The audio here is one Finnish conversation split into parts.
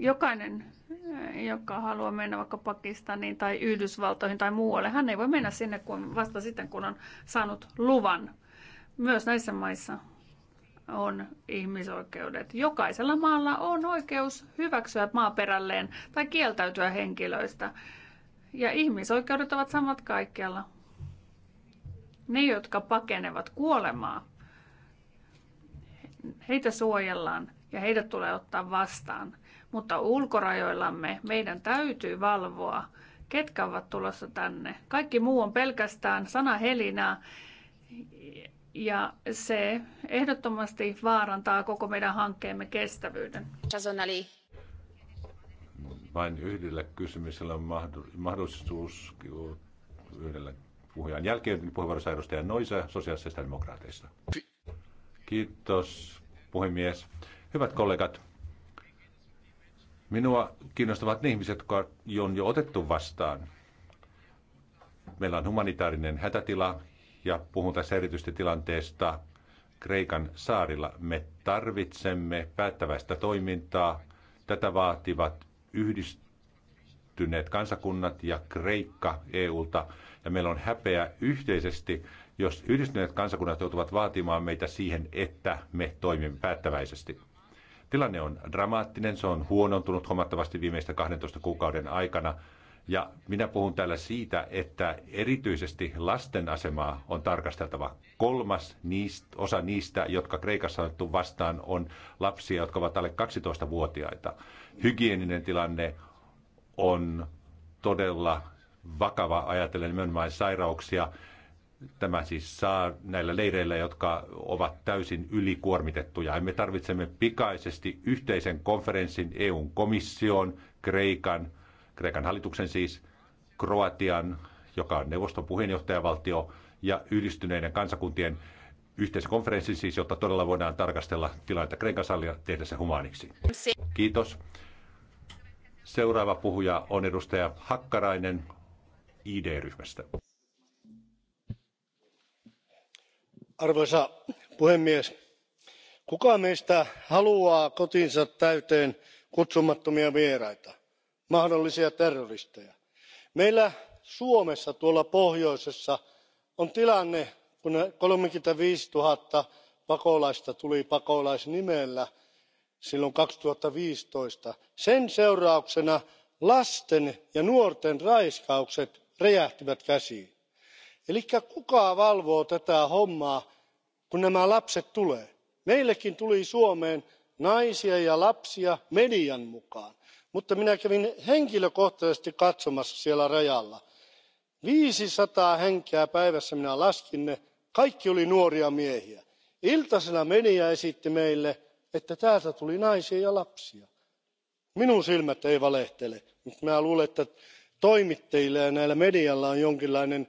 Jokainen, eh, joka haluaa mennä vaikka Pakistaniin tai Yhdysvaltoihin tai muualle, hän ei voi mennä sinne kun vasta sitten, kun on saanut luvan. Myös näissä maissa on ihmisoikeudet. Jokaisella maalla on oikeus hyväksyä maaperälleen tai kieltäytyä henkilöistä. Ja ihmisoikeudet ovat samat kaikkialla. Ne, jotka pakenevat kuolemaa, heitä suojellaan ja heidät tulee ottaa vastaan. Mutta ulkorajoillamme meidän täytyy valvoa, ketkä ovat tulossa tänne. Kaikki muu on pelkästään sana helinää ja se ehdottomasti vaarantaa koko meidän hankkeemme kestävyyden. Vain yhdellä kysymyksellä on mahdollisuus yhdellä puhujan jälkeen puheenvuorossa edustaja Noisa sosiaalisesta demokraateista. Kiitos puhemies. Hyvät kollegat, Minua kiinnostavat ne ihmiset, jotka on jo otettu vastaan. Meillä on humanitaarinen hätätila ja puhun tässä erityisesti tilanteesta Kreikan saarilla. Me tarvitsemme päättäväistä toimintaa. Tätä vaativat yhdistyneet kansakunnat ja Kreikka EUlta. Ja meillä on häpeä yhteisesti, jos yhdistyneet kansakunnat joutuvat vaatimaan meitä siihen, että me toimimme päättäväisesti. Tilanne on dramaattinen, se on huonontunut huomattavasti viimeistä 12 kuukauden aikana. Ja minä puhun täällä siitä, että erityisesti lasten asemaa on tarkasteltava. Kolmas niistä, osa niistä, jotka Kreikassa on vastaan, on lapsia, jotka ovat alle 12-vuotiaita. Hygieninen tilanne on todella vakava ajatellen nimenomaan sairauksia, Tämä siis saa näillä leireillä, jotka ovat täysin ylikuormitettuja. Me tarvitsemme pikaisesti yhteisen konferenssin EUn komission, Kreikan, Kreikan hallituksen siis, Kroatian, joka on neuvoston puheenjohtajavaltio, ja yhdistyneiden kansakuntien yhteisen konferenssin siis, jotta todella voidaan tarkastella tilannetta Kreikan salia tehdä se humaaniksi. Kiitos. Seuraava puhuja on edustaja Hakkarainen ID-ryhmästä. arvoisa puhemies kuka meistä haluaa kotinsa täyteen kutsumattomia vieraita mahdollisia terroristeja? meillä suomessa tuolla pohjoisessa on tilanne kun kolmekymmentäviisi nolla pakolaista tuli pakolaisnimellä silloin kaksituhatta viisitoista sen seurauksena lasten ja nuorten raiskaukset räjähtivät käsiin eli kuka valvoo tätä hommaa kun nämä lapset tulevat? meillekin tuli suomeen naisia ja lapsia median mukaan mutta minä kävin henkilökohtaisesti katsomassa siellä rajalla viisisataa henkeä päivässä minä laskin ne kaikki olivat nuoria miehiä. iltasella media esitti meille että täältä tuli naisia ja lapsia. minun silmäni eivät valehtele mutta minä luulen että toimittajilla ja medialla on jonkinlainen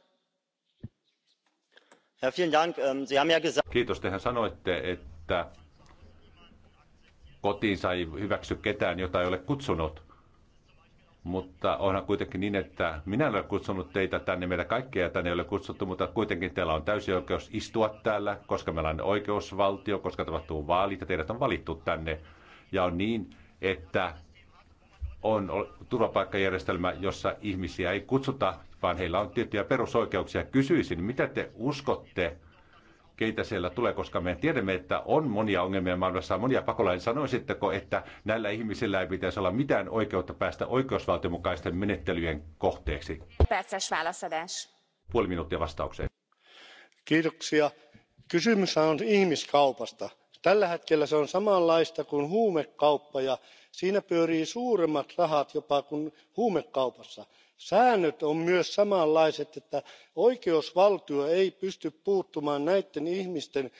Ähm, Kiitos, tehän sanoitte, että kotiinsa ei hyväksy ketään, jota ei ole kutsunut. Mutta onhan kuitenkin niin, että minä en ole kutsunut teitä tänne, meillä kaikkia tänne ei ole kutsuttu, mutta kuitenkin teillä on täysi oikeus istua täällä, koska meillä on oikeusvaltio, koska tapahtuu vaalit ja teidät on valittu tänne. Ja on niin, että on turvapaikkajärjestelmä, jossa ihmisiä ei kutsuta vaan heillä on tiettyjä perusoikeuksia. Kysyisin, mitä te uskotte, keitä siellä tulee, koska me tiedämme, että on monia ongelmia maailmassa, monia pakolaisia. Sanoisitteko, että näillä ihmisillä ei pitäisi olla mitään oikeutta päästä oikeusvaltiomukaisten menettelyjen kohteeksi? Puoli minuuttia vastaukseen. Kiitoksia. Kysymys on ihmiskaupasta. Tällä hetkellä se on samanlaista kuin huumekauppa ja siinä pyörii suuremmat rahat jopa kuin huumekaupassa säännöt ovat myös samanlaiset että oikeusvaltio ei pysty puuttumaan näitten ihmisten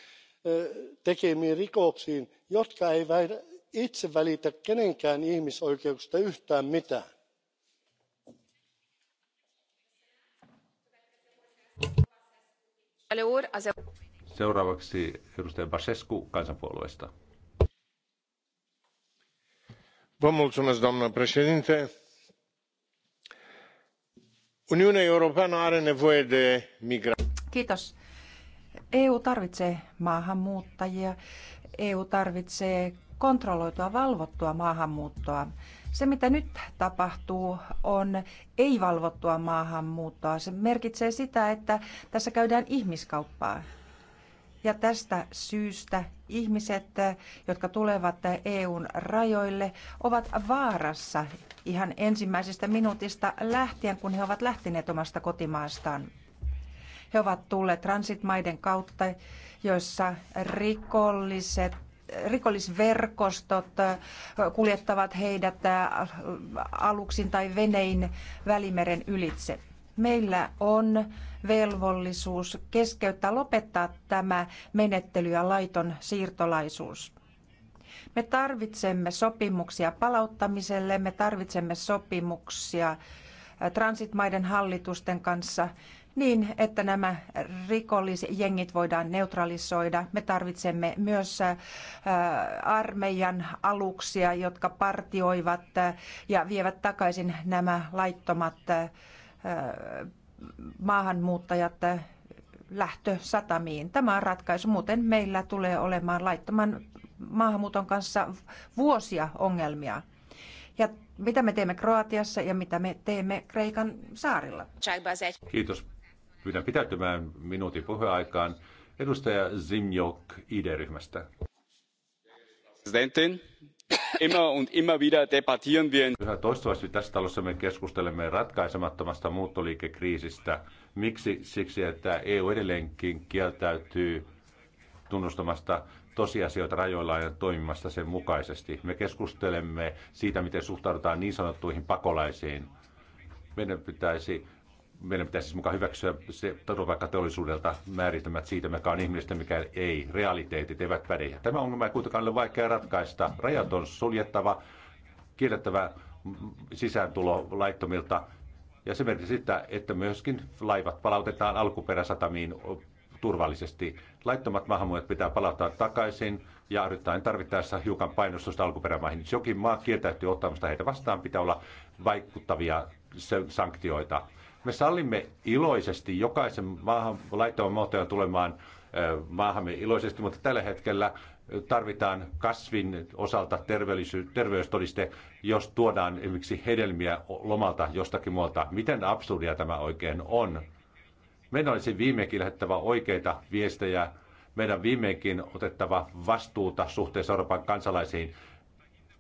tekemiin rikoksiin jotka eivät itse välitä kenenkään ihmisoikeuksista yhtään mitään. Seuraavaksi edustaja Basescu kansanpuolueesta. Uniunea Europeană are nevoie de Kiitos. EU tarvitsee maahanmuuttajia. EU tarvitsee kontrolloitua, valvottua maahanmuuttoa. Se, mitä nyt tapahtuu, on ei-valvottua maahanmuuttoa. Se merkitsee sitä, että tässä käydään ihmiskauppaa. Ja tästä syystä ihmiset, eh, jotka tulevat eh, EUn rajoille, ovat vaarassa ihan ensimmäisestä minuutista lähtien, kun he ovat lähteneet omasta kotimaastaan. He ovat tulleet transitmaiden kautta, joissa rikolliset rikollisverkostot eh, kuljettavat heidät aluksin tai venein Välimeren ylitse meillä on velvollisuus keskeyttää, lopettaa tämä menettely ja laiton siirtolaisuus. Me tarvitsemme sopimuksia palauttamiselle, me tarvitsemme sopimuksia äh, transitmaiden hallitusten kanssa niin, että nämä rikollisjengit voidaan neutralisoida. Me tarvitsemme myös äh, armeijan aluksia, jotka partioivat äh, ja vievät takaisin nämä laittomat maahanmuuttajat lähtösatamiin. Tämä on ratkaisu, muuten meillä tulee olemaan laittoman maahanmuuton kanssa vuosia ongelmia. Ja mitä me teemme Kroatiassa ja mitä me teemme Kreikan saarilla? Kiitos. Pyydän pitäytymään minuutin puheaikaan. Edustaja Zimjok ID-ryhmästä. Presidentin, immer und immer wieder debattieren wir. toistuvasti tässä talossa me keskustelemme ratkaisemattomasta muuttoliikekriisistä. Miksi? Siksi, että EU edelleenkin kieltäytyy tunnustamasta tosiasioita rajoilla ja toimimasta sen mukaisesti. Me keskustelemme siitä, miten suhtaudutaan niin sanottuihin pakolaisiin. Meidän pitäisi meidän pitäisi siis mukaan hyväksyä se teollisuudelta määritelmät siitä, mikä on ihmistä, mikä ei. Realiteetit eivät päde. Tämä ongelma ei kuitenkaan ole vaikea ratkaista. Rajat on suljettava, kiellettävä sisääntulo laittomilta. Ja se merkitsee sitä, että myöskin laivat palautetaan alkuperäsatamiin turvallisesti. Laittomat maahanmuuttajat pitää palauttaa takaisin ja ryhdytään tarvittaessa hiukan painostusta alkuperämaihin. jokin maa kieltäytyy ottamasta heitä vastaan, pitää olla vaikuttavia sanktioita. Me sallimme iloisesti jokaisen maahan, laittoman muotoja tulemaan maahamme iloisesti, mutta tällä hetkellä tarvitaan kasvin osalta terveystodiste, jos tuodaan esimerkiksi hedelmiä lomalta jostakin muualta. Miten absurdia tämä oikein on? Meidän olisi viimeinkin lähettävä oikeita viestejä, meidän viimeinkin otettava vastuuta suhteessa Euroopan kansalaisiin.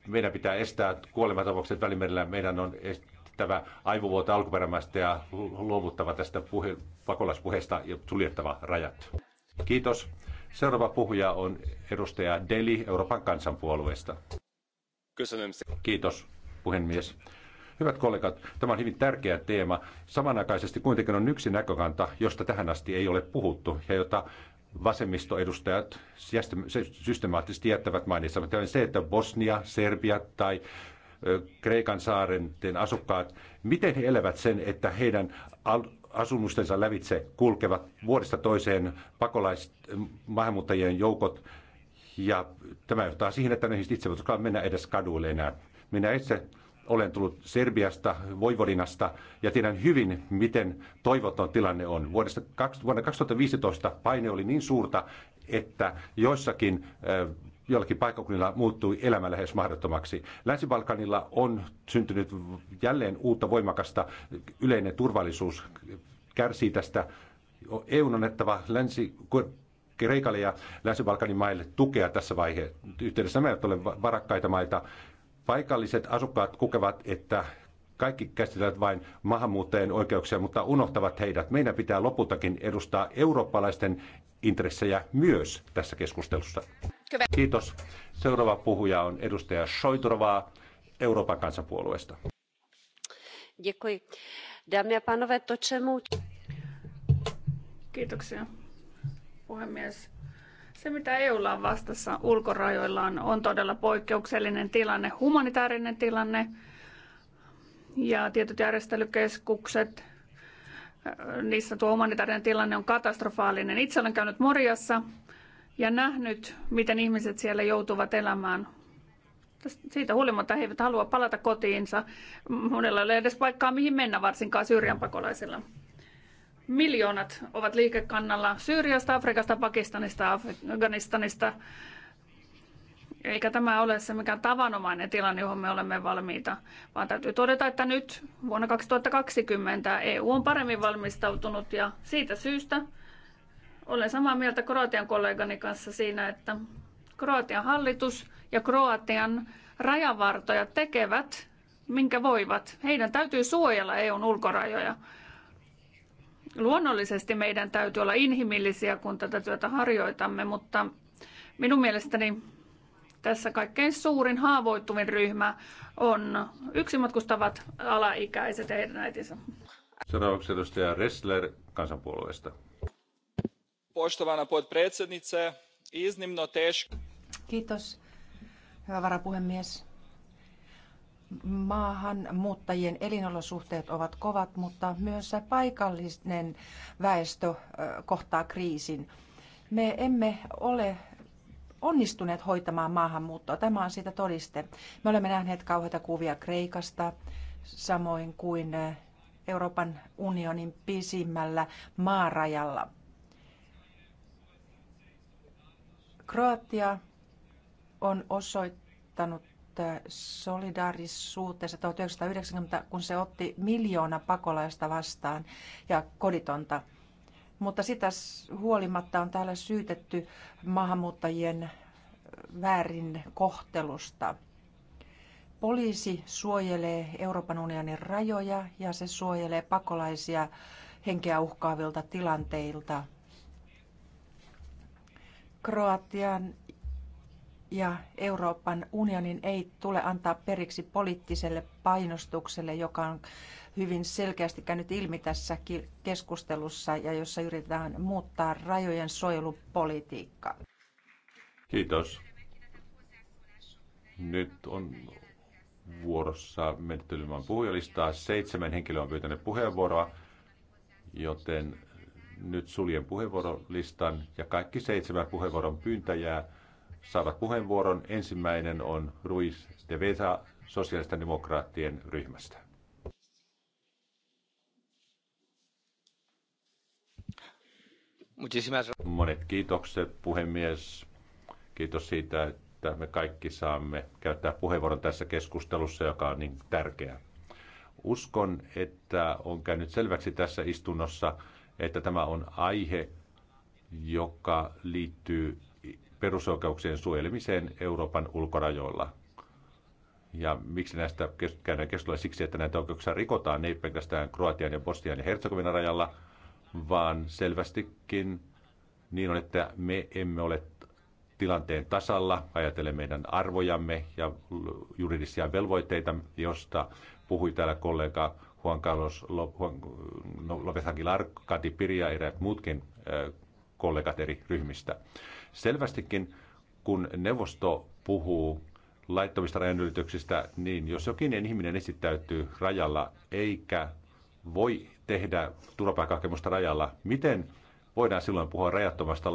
Meidän pitää estää kuolemantapaukset välimerellä, meidän on vältettävä aivovuoto alkuperämästä ja luovuttava tästä puhe, pakolaispuheesta ja suljettava rajat. Kiitos. Seuraava puhuja on edustaja Deli Euroopan kansanpuolueesta. Kiitos, puhemies. Hyvät kollegat, tämä on hyvin tärkeä teema. Samanaikaisesti kuitenkin on yksi näkökanta, josta tähän asti ei ole puhuttu ja jota vasemmistoedustajat systemaattisesti jättävät on Se, että Bosnia, Serbia tai Kreikan saaren asukkaat, miten he elävät sen, että heidän asumustensa lävitse kulkevat vuodesta toiseen pakolais maahanmuuttajien joukot. Ja tämä johtaa siihen, että ne itse voivat mennä edes kaduille enää. Minä itse olen tullut Serbiasta, Voivodinasta ja tiedän hyvin, miten toivoton tilanne on. Vuodesta, vuonna 2015 paine oli niin suurta, että joissakin jollakin paikkakunnilla muuttui elämä lähes mahdottomaksi. Länsi-Balkanilla on syntynyt jälleen uutta voimakasta yleinen turvallisuus kärsii tästä. EU on annettava länsi Kreikalle ja Länsi-Balkanin maille tukea tässä vaiheessa. Yhteydessä me ovat ole varakkaita maita. Paikalliset asukkaat kokevat, että kaikki käsitellään vain maahanmuuttajien oikeuksia, mutta unohtavat heidät. Meidän pitää lopultakin edustaa eurooppalaisten intressejä myös tässä keskustelussa. Kiitos. Seuraava puhuja on edustaja Soitrovaa Euroopan kansanpuolueesta. Děkuji. Dámy a pánové, to, čemu... Kiitoksia, puhemies. Se, mitä EUlla on vastassa ulkorajoillaan, on todella poikkeuksellinen tilanne, humanitaarinen tilanne. Ja tietyt järjestelykeskukset, niissä tuo humanitaarinen tilanne on katastrofaalinen. Itse olen käynyt Moriassa ja nähnyt, miten ihmiset siellä joutuvat elämään. Siitä huolimatta he eivät halua palata kotiinsa. Monella ei ole edes paikkaa, mihin mennä, varsinkaan Syyrian pakolaisilla. Miljoonat ovat liikekannalla Syyriasta, Afrikasta, Pakistanista, Afganistanista. Eikä tämä ole se mikään tavanomainen tilanne, johon me olemme valmiita, vaan täytyy todeta, että nyt vuonna 2020 EU on paremmin valmistautunut ja siitä syystä olen samaa mieltä Kroatian kollegani kanssa siinä, että Kroatian hallitus ja Kroatian rajavartijat tekevät, minkä voivat. Heidän täytyy suojella EUn ulkorajoja. Luonnollisesti meidän täytyy olla inhimillisiä, kun tätä työtä harjoitamme, mutta minun mielestäni tässä kaikkein suurin haavoittuvin ryhmä on yksinmatkustavat alaikäiset ja heidän äitinsä. Seuraavaksi edustaja Ressler kansanpuolueesta. Poštovana potpredsjednice, iznimno teško. Kiitos, hyvä varapuhemies. Maahanmuuttajien elinolosuhteet ovat kovat, mutta myös paikallinen väestö kohtaa kriisin. Me emme ole onnistuneet hoitamaan maahanmuuttoa. Tämä on siitä todiste. Me olemme nähneet kauheita kuvia Kreikasta, samoin kuin Euroopan unionin pisimmällä maarajalla – Kroatia on osoittanut äh, solidaarisuutensa 1990, kun se otti miljoona pakolaista vastaan ja koditonta. Mutta sitä huolimatta on täällä syytetty maahanmuuttajien äh, väärin kohtelusta. Poliisi suojelee Euroopan unionin rajoja ja se suojelee pakolaisia henkeä uhkaavilta tilanteilta Kroatian ja Euroopan unionin ei tule antaa periksi poliittiselle painostukselle, joka on hyvin selkeästi käynyt ilmi tässä keskustelussa ja jossa yritetään muuttaa rajojen suojelupolitiikkaa. Kiitos. Nyt on vuorossa menettelymään puhujalistaa. Seitsemän henkilöä on pyytänyt puheenvuoroa, joten nyt suljen puheenvuorolistan ja kaikki seitsemän puheenvuoron pyyntäjää saavat puheenvuoron. Ensimmäinen on Ruiz de Vesa sosiaalisten demokraattien ryhmästä. Monet kiitokset, puhemies. Kiitos siitä, että me kaikki saamme käyttää puheenvuoron tässä keskustelussa, joka on niin tärkeä. Uskon, että on käynyt selväksi tässä istunnossa, että tämä on aihe, joka liittyy perusoikeuksien suojelemiseen Euroopan ulkorajoilla. Ja miksi näistä käydään keskustelua? Siksi, että näitä oikeuksia rikotaan ei pelkästään Kroatian ja Bosnian ja Herzegovinan rajalla, vaan selvästikin niin on, että me emme ole tilanteen tasalla, ajatellen meidän arvojamme ja juridisia velvoitteita, josta puhui täällä kollega Juan Carlos no, López Aguilar, Kati Piria ja eräät muutkin kollegat eri ryhmistä. Selvästikin, kun neuvosto puhuu laittomista rajanylityksistä, niin jos jokin ihminen esittäytyy rajalla eikä voi tehdä turvapaikkahakemusta rajalla, miten voidaan silloin puhua rajattomasta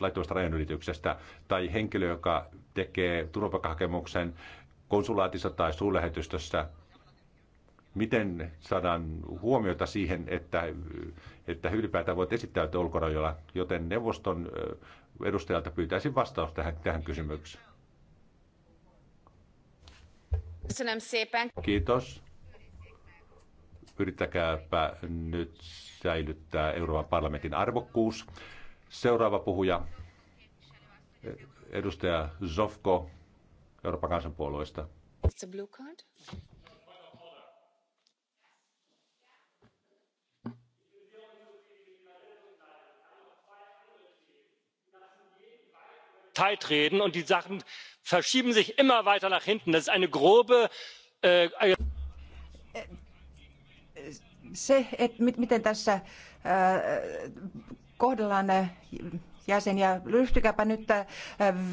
laittomasta rajanylityksestä tai henkilö, joka tekee turvapaikkahakemuksen konsulaatissa tai suurlähetystössä miten saadaan huomiota siihen, että, että ylipäätään voit esittäytyä tuota ulkorajoilla, joten neuvoston edustajalta pyytäisin vastaus tähän, tähän kysymykseen. Kiitos. Yrittäkääpä nyt säilyttää Euroopan parlamentin arvokkuus. Seuraava puhuja, edustaja Zofko Euroopan kansanpuolueesta. It's a blue card. tight reden und die sachen verschieben sich immer weiter nach hinten. das ist eine grobe äh, se, miten tässä äh, kohdellaan äh, jäseniä. Ryhtykääpä nyt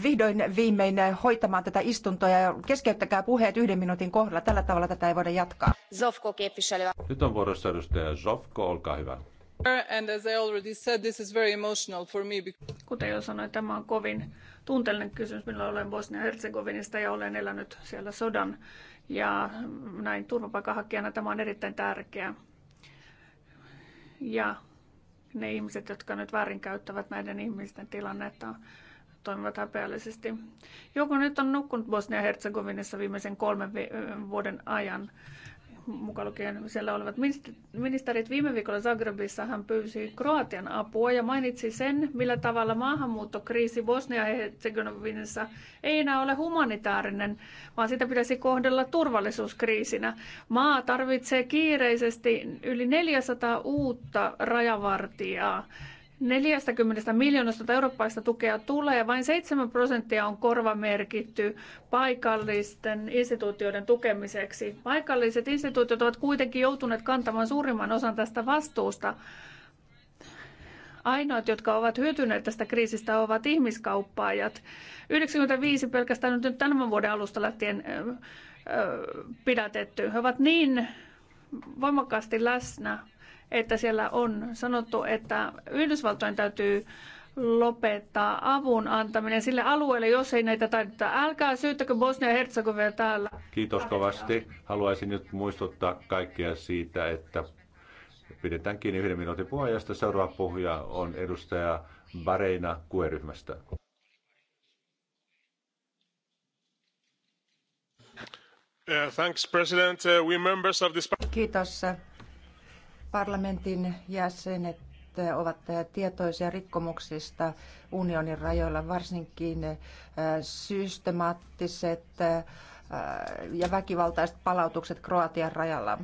vihdoin viimein hoitamaan tätä istuntoa ja keskeyttäkää puheet yhden minuutin kohdalla. Tällä tavalla tätä ei voida jatkaa. Nyt on vuorossa edustaja olkaa hyvä. Kuten jo sanoin, tämä on kovin tunteellinen kysymys. Minä olen Bosnia-Herzegovinista ja olen elänyt siellä sodan. Ja näin turvapaikanhakijana tämä on erittäin tärkeää. Ja ne ihmiset, jotka nyt väärinkäyttävät näiden ihmisten tilannetta, toimivat häpeällisesti. Joku nyt on nukkunut bosnia herzegovinissa viimeisen kolmen vuoden ajan mukaan lukien siellä olevat ministerit. Viime viikolla Zagrebissa hän pyysi Kroatian apua ja mainitsi sen, millä tavalla maahanmuuttokriisi Bosnia-Herzegovinassa ei enää ole humanitaarinen, vaan sitä pitäisi kohdella turvallisuuskriisinä. Maa tarvitsee kiireisesti yli 400 uutta rajavartijaa 40 miljoonasta tuota eurooppaista tukea tulee, vain 7 prosenttia on korvamerkitty paikallisten instituutioiden tukemiseksi. Paikalliset instituutiot ovat kuitenkin joutuneet kantamaan suurimman osan tästä vastuusta. Ainoat, jotka ovat hyötyneet tästä kriisistä, ovat ihmiskauppaajat. 95 pelkästään nyt tämän vuoden alusta lähtien pidätetty. He ovat niin voimakkaasti läsnä että siellä on sanottu, että Yhdysvaltojen täytyy lopettaa avun antaminen sille alueelle, jos ei näitä taideta. Älkää syyttäkö bosnia herzegovia täällä. Kiitos kovasti. Haluaisin nyt muistuttaa kaikkia siitä, että pidetään kiinni yhden minuutin puheenjohtaja. Seuraava puhuja on edustaja Bareina kueryhmästä. Uh, uh, Kiitos Parlamentin jäsenet ovat tietoisia rikkomuksista unionin rajoilla, varsinkin äh, systemaattiset äh, ja väkivaltaiset palautukset Kroatian rajalla.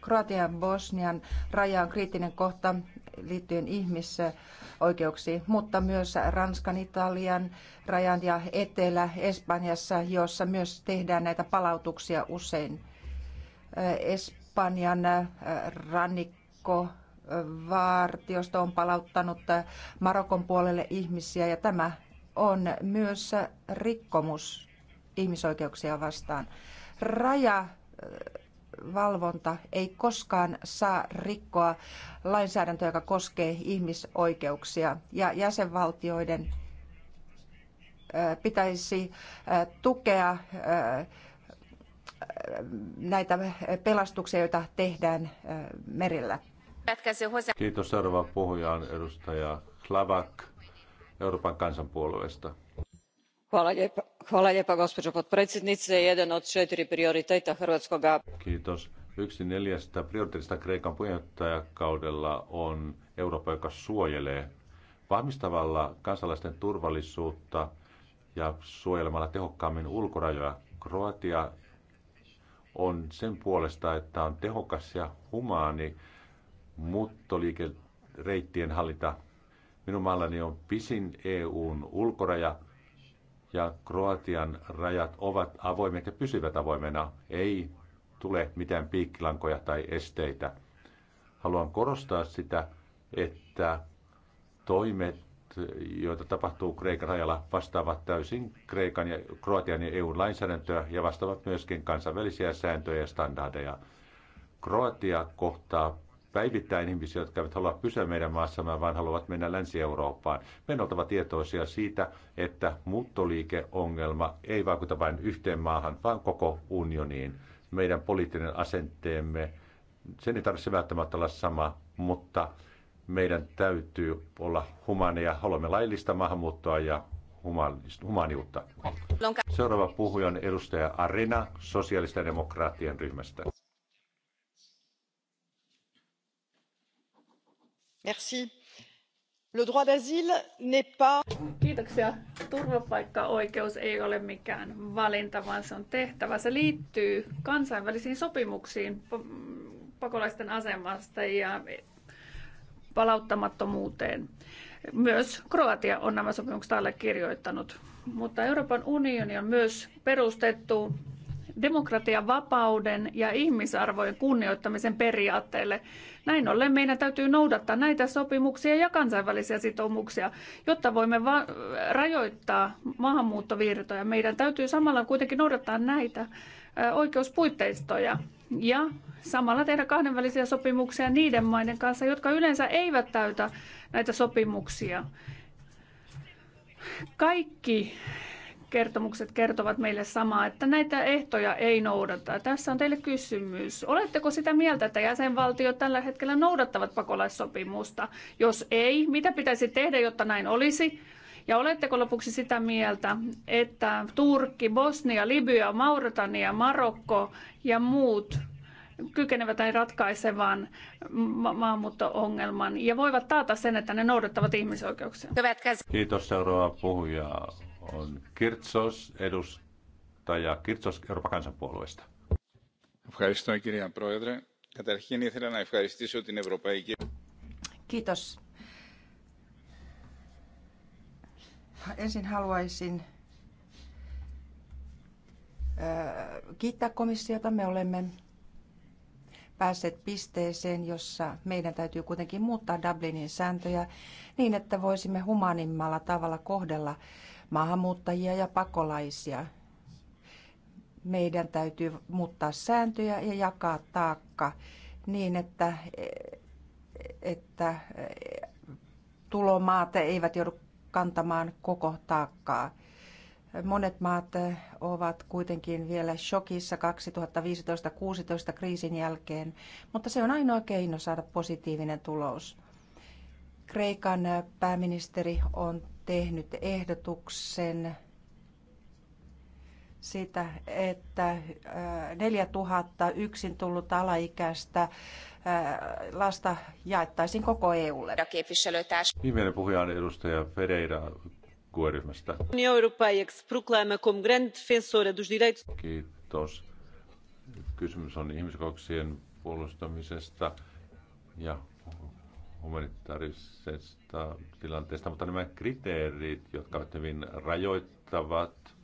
Kroatian ja Bosnian raja on kriittinen kohta liittyen ihmisoikeuksiin, mutta myös Ranskan, Italian rajan ja Etelä-Espanjassa, jossa myös tehdään näitä palautuksia usein. Äh, Espanjassa Espanjan äh, rannikko vartiosto on palauttanut äh, Marokon puolelle ihmisiä ja tämä on myös äh, rikkomus ihmisoikeuksia vastaan. Rajavalvonta ei koskaan saa rikkoa lainsäädäntöä, joka koskee ihmisoikeuksia ja jäsenvaltioiden pitäisi tukea näitä pelastuksia, joita tehdään äh, merillä. Kiitos seuraava puhujaan edustaja Klavak Euroopan kansanpuolueesta. Kiitos. Yksi neljästä prioriteetista Kreikan puheenjohtajakaudella on Eurooppa, joka suojelee vahvistavalla kansalaisten turvallisuutta ja suojelemalla tehokkaammin ulkorajoja. Kroatia on sen puolesta, että on tehokas ja humaani muuttoliikereittien hallinta. Minun maallani on pisin EUn ulkoraja ja Kroatian rajat ovat avoimet ja pysyvät avoimena. Ei tule mitään piikkilankoja tai esteitä. Haluan korostaa sitä, että toimet joita tapahtuu Kreikan rajalla, vastaavat täysin Kreikan ja Kroatian ja EUn lainsäädäntöä ja vastaavat myöskin kansainvälisiä sääntöjä ja standardeja. Kroatia kohtaa päivittäin ihmisiä, jotka eivät halua pysyä meidän maassamme, vaan haluavat mennä Länsi-Eurooppaan. Meidän on oltava tietoisia siitä, että muuttoliikeongelma ei vaikuta vain yhteen maahan, vaan koko unioniin. Meidän poliittinen asenteemme, sen ei tarvitse välttämättä olla sama, mutta meidän täytyy olla humaneja. Haluamme laillista maahanmuuttoa ja humaniutta. Seuraava puhuja on edustaja Arena sosiaalisten demokraattien ryhmästä. Merci. Le droit d'asile n'est pas... Kiitoksia. Turvapaikkaoikeus ei ole mikään valinta, vaan se on tehtävä. Se liittyy kansainvälisiin sopimuksiin mm, pakolaisten asemasta ja palauttamattomuuteen. Myös Kroatia on nämä sopimukset allekirjoittanut. Mutta Euroopan unioni on myös perustettu demokratian, vapauden ja ihmisarvojen kunnioittamisen periaatteelle. Näin ollen meidän täytyy noudattaa näitä sopimuksia ja kansainvälisiä sitoumuksia, jotta voimme rajoittaa maahanmuuttovirtoja. Meidän täytyy samalla kuitenkin noudattaa näitä oikeuspuitteistoja ja samalla tehdä kahdenvälisiä sopimuksia niiden maiden kanssa, jotka yleensä eivät täytä näitä sopimuksia. Kaikki kertomukset kertovat meille samaa, että näitä ehtoja ei noudata. Tässä on teille kysymys. Oletteko sitä mieltä, että jäsenvaltiot tällä hetkellä noudattavat pakolaissopimusta? Jos ei, mitä pitäisi tehdä, jotta näin olisi? Ja oletteko lopuksi sitä mieltä, että Turkki, Bosnia, Libya, Mauritania, Marokko ja muut kykenevät tai ratkaisevan ma- maahanmuutto-ongelman ja voivat taata sen, että ne noudattavat ihmisoikeuksia? Kiitos. Seuraava puhuja on Kirtsos, edustaja Kirtsos Euroopan kansanpuolueesta. Kiitos, ensin haluaisin kiittää komissiota. Me olemme päässeet pisteeseen, jossa meidän täytyy kuitenkin muuttaa Dublinin sääntöjä niin, että voisimme humanimmalla tavalla kohdella maahanmuuttajia ja pakolaisia. Meidän täytyy muuttaa sääntöjä ja jakaa taakka niin, että, että tulomaat eivät joudu kantamaan koko taakkaa. Monet maat ovat kuitenkin vielä shokissa 2015-2016 kriisin jälkeen, mutta se on ainoa keino saada positiivinen tulos. Kreikan pääministeri on tehnyt ehdotuksen sitä, että 4000 äh, yksin tullut alaikäistä lasta jaettaisiin koko EUlle. Viimeinen puhuja on edustaja Ferreira kuoryhmästä. Kiitos. Kysymys on ihmisoikeuksien puolustamisesta ja humanitaarisesta tilanteesta, mutta nämä kriteerit, jotka ovat hyvin rajoittavat,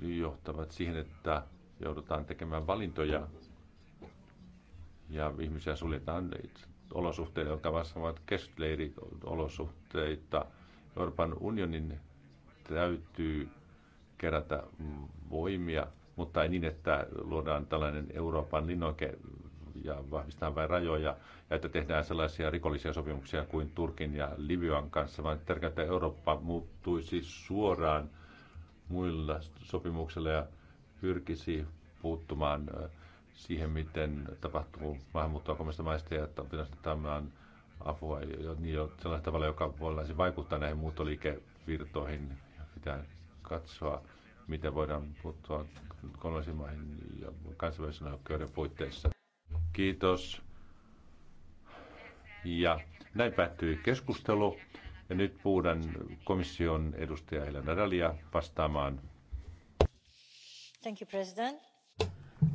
johtavat siihen, että joudutaan tekemään valintoja ja ihmisiä suljetaan olosuhteille, jotka vastaavat keskleiriolosuhteita. Euroopan unionin täytyy kerätä voimia, mutta ei niin, että luodaan tällainen Euroopan linnoke ja vahvistetaan vain rajoja, ja että tehdään sellaisia rikollisia sopimuksia kuin Turkin ja Libyan kanssa, vaan tärkeää, että Eurooppa muuttuisi suoraan muilla sopimuksilla ja pyrkisi puuttumaan siihen, miten tapahtuu maahanmuuttoa kolmesta maista ja tämän apua niin sellaisella tavalla, joka voisi vaikuttaa näihin muuttoliikevirtoihin. Pitää katsoa, miten voidaan puuttua kolmesiin maihin ja kansainvälisen oikeuden puitteissa. Kiitos. Ja näin päättyi keskustelu. Ja nyt puhutan komission edustaja Helena Dalia vastaamaan. Thank you, President.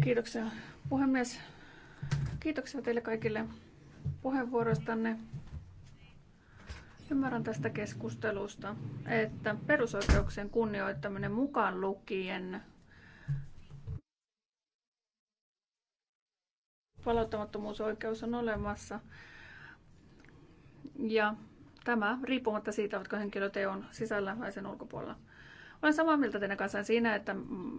Kiitoksia puhemies. Kiitoksia teille kaikille puheenvuoroistanne. Ymmärrän tästä keskustelusta, että perusoikeuksien kunnioittaminen mukaan lukien palauttamattomuusoikeus on olemassa. Ja tämä riippumatta siitä, ovatko henkilöt on sisällä vai sen ulkopuolella. Olen samaa mieltä teidän kanssa siinä, että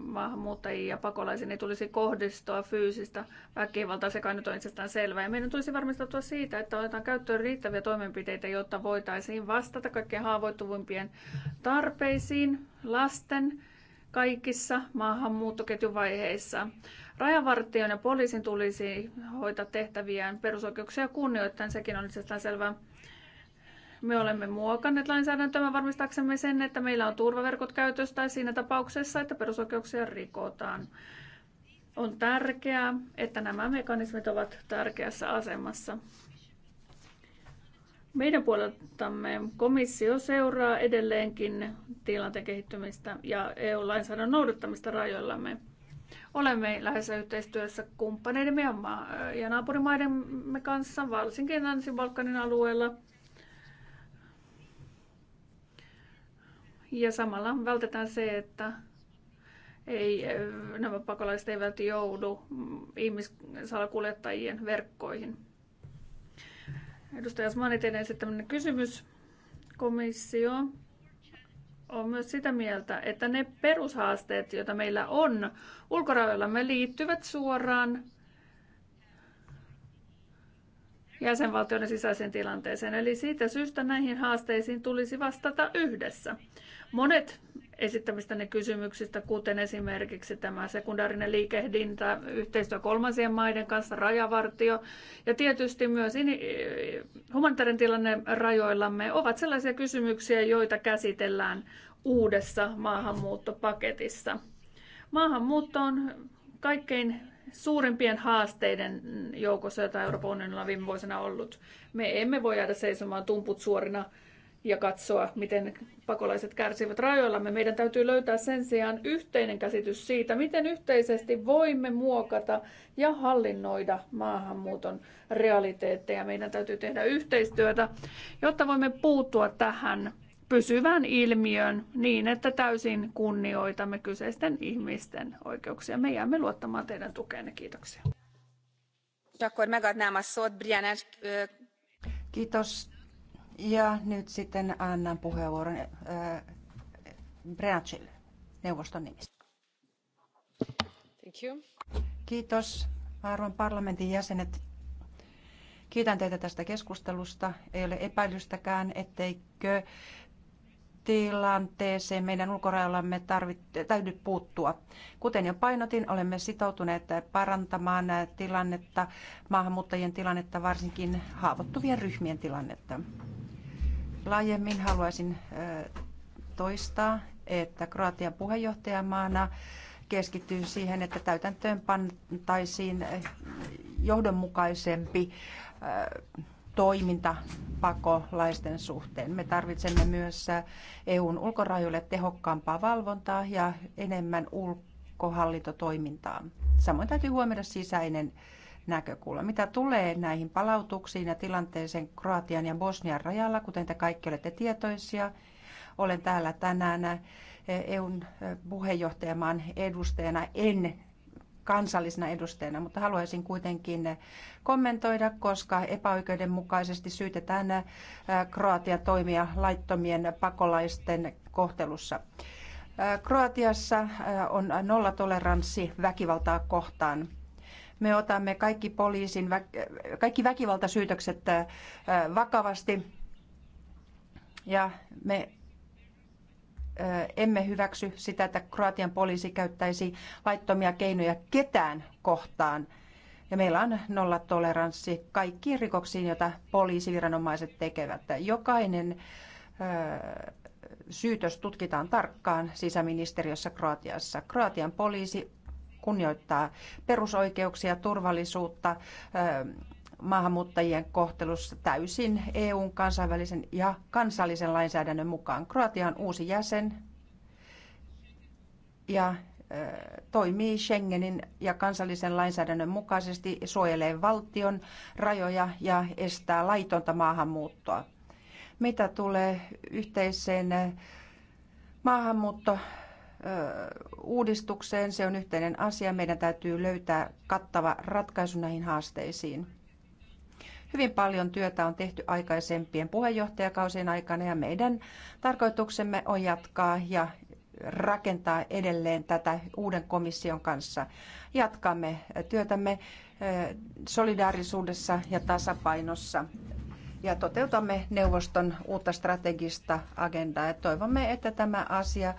maahanmuuttajia ja pakolaisiin ei tulisi kohdistua fyysistä väkivaltaa, se kai nyt on itsestään selvää. Ja meidän tulisi varmistautua siitä, että otetaan käyttöön riittäviä toimenpiteitä, jotta voitaisiin vastata kaikkein haavoittuvimpien tarpeisiin lasten kaikissa maahanmuuttoketjun vaiheissa. Rajavartijan ja poliisin tulisi hoitaa tehtäviään perusoikeuksia kunnioittain, sekin on itsestään selvää. Me olemme muokanneet lainsäädäntöä varmistaaksemme sen, että meillä on turvaverkot käytössä siinä tapauksessa, että perusoikeuksia rikotaan. On tärkeää, että nämä mekanismit ovat tärkeässä asemassa. Meidän puoleltamme komissio seuraa edelleenkin tilanteen kehittymistä ja EU-lainsäädännön noudattamista rajoillamme. Olemme lähes yhteistyössä kumppaneidemme ja naapurimaidemme kanssa, varsinkin Länsi-Balkanin alueella – Ja samalla vältetään se, että ei, nämä pakolaiset eivät joudu ihmissalakuljettajien verkkoihin. Edustaja Asmani, teidän esittäminen kysymys. Komissio on myös sitä mieltä, että ne perushaasteet, joita meillä on ulkorajoillamme, liittyvät suoraan jäsenvaltioiden sisäiseen tilanteeseen. Eli siitä syystä näihin haasteisiin tulisi vastata yhdessä. Monet esittämistäne kysymyksistä, kuten esimerkiksi tämä sekundaarinen liikehdintä, yhteistyö kolmansien maiden kanssa, rajavartio ja tietysti myös humanitaarinen tilanne rajoillamme, ovat sellaisia kysymyksiä, joita käsitellään uudessa maahanmuuttopaketissa. Maahanmuutto on kaikkein suurimpien haasteiden joukossa, joita Euroopan unionilla on viime vuosina ollut. Me emme voi jäädä seisomaan tumput suorina ja katsoa, miten pakolaiset kärsivät rajoillamme. Meidän täytyy löytää sen sijaan yhteinen käsitys siitä, miten yhteisesti voimme muokata ja hallinnoida maahanmuuton realiteetteja. Meidän täytyy tehdä yhteistyötä, jotta voimme puuttua tähän pysyvän ilmiön niin, että täysin kunnioitamme kyseisten ihmisten oikeuksia. Me jäämme luottamaan teidän tukeenne. Kiitoksia. Kiitos. Ja nyt sitten annan puheenvuoron äh, Brenacille neuvoston nimissä. Thank you. Kiitos arvon parlamentin jäsenet. Kiitän teitä tästä keskustelusta. Ei ole epäilystäkään, etteikö tilanteeseen meidän ulkorajallamme täytyy puuttua. Kuten jo painotin, olemme sitoutuneet parantamaan tilannetta, maahanmuuttajien tilannetta, varsinkin haavoittuvien ryhmien tilannetta. Laajemmin haluaisin toistaa, että Kroatian puheenjohtajamaana keskittyy siihen, että täytäntöön pantaisiin johdonmukaisempi toiminta pakolaisten suhteen. Me tarvitsemme myös EUn ulkorajoille tehokkaampaa valvontaa ja enemmän ulkohallintotoimintaa. Samoin täytyy huomioida sisäinen näkökulma. Mitä tulee näihin palautuksiin ja tilanteeseen Kroatian ja Bosnian rajalla, kuten te kaikki olette tietoisia, olen täällä tänään EUn puheenjohtajamaan edustajana, en kansallisena edustajana, mutta haluaisin kuitenkin kommentoida, koska epäoikeudenmukaisesti syytetään Kroatia toimia laittomien pakolaisten kohtelussa. Kroatiassa on nollatoleranssi väkivaltaa kohtaan. Me otamme kaikki poliisin, kaikki väkivaltasyytökset äh, vakavasti ja me äh, emme hyväksy sitä, että Kroatian poliisi käyttäisi laittomia keinoja ketään kohtaan. Ja meillä on nollatoleranssi kaikkiin rikoksiin, joita poliisiviranomaiset tekevät. Jokainen äh, syytös tutkitaan tarkkaan sisäministeriössä Kroatiassa. Kroatian poliisi kunnioittaa perusoikeuksia, turvallisuutta, maahanmuuttajien kohtelussa täysin EUn kansainvälisen ja kansallisen lainsäädännön mukaan. Kroatia on uusi jäsen ja toimii Schengenin ja kansallisen lainsäädännön mukaisesti, suojelee valtion rajoja ja estää laitonta maahanmuuttoa. Mitä tulee yhteiseen maahanmuutto uudistukseen. Se on yhteinen asia. Meidän täytyy löytää kattava ratkaisu näihin haasteisiin. Hyvin paljon työtä on tehty aikaisempien puheenjohtajakausien aikana ja meidän tarkoituksemme on jatkaa ja rakentaa edelleen tätä uuden komission kanssa. Jatkamme työtämme solidaarisuudessa ja tasapainossa ja toteutamme neuvoston uutta strategista agendaa. Ja toivomme, että tämä asia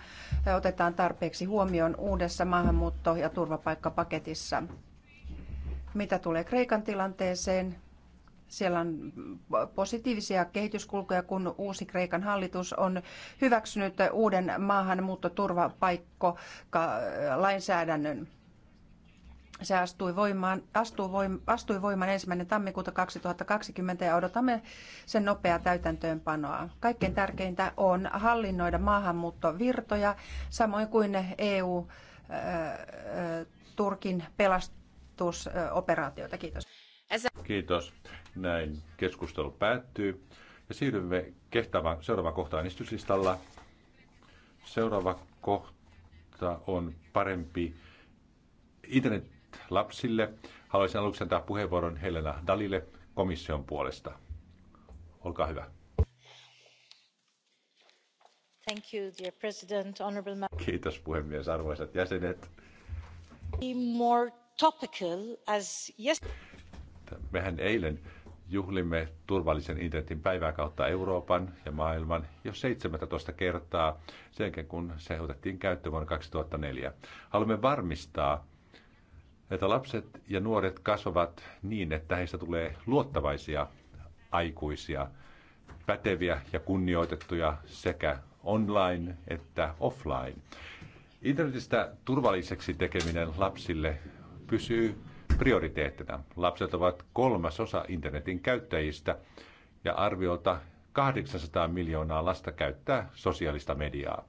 otetaan tarpeeksi huomioon uudessa maahanmuutto- ja turvapaikkapaketissa. Mitä tulee Kreikan tilanteeseen, siellä on positiivisia kehityskulkuja, kun uusi Kreikan hallitus on hyväksynyt uuden maahanmuuttoturvapaikko lainsäädännön. Se astui voimaan, astuu voim, astui voimaan ensimmäinen tammikuuta 2020 ja odotamme sen nopeaa täytäntöönpanoa. Kaikkein tärkeintä on hallinnoida maahanmuuttovirtoja, samoin kuin EU-Turkin e pelastusoperaatioita. Kiitos. Kiitos. Näin keskustelu päättyy. Ja siirrymme kehtävän seuraavaan kohtaan istuslistalla. Seuraava kohta on parempi internet lapsille. Haluaisin aluksi antaa puheenvuoron Helena Dalille komission puolesta. Olkaa hyvä. Thank you, dear President, honorable... Kiitos puhemies, arvoisat jäsenet. More topical as yes... Mehän eilen juhlimme turvallisen internetin päivää kautta Euroopan ja maailman jo 17 kertaa sen jälkeen, kun se otettiin käyttöön vuonna 2004. Haluamme varmistaa, että lapset ja nuoret kasvavat niin, että heistä tulee luottavaisia aikuisia, päteviä ja kunnioitettuja sekä online että offline. Internetistä turvalliseksi tekeminen lapsille pysyy prioriteettina. Lapset ovat kolmas osa internetin käyttäjistä ja arviolta 800 miljoonaa lasta käyttää sosiaalista mediaa.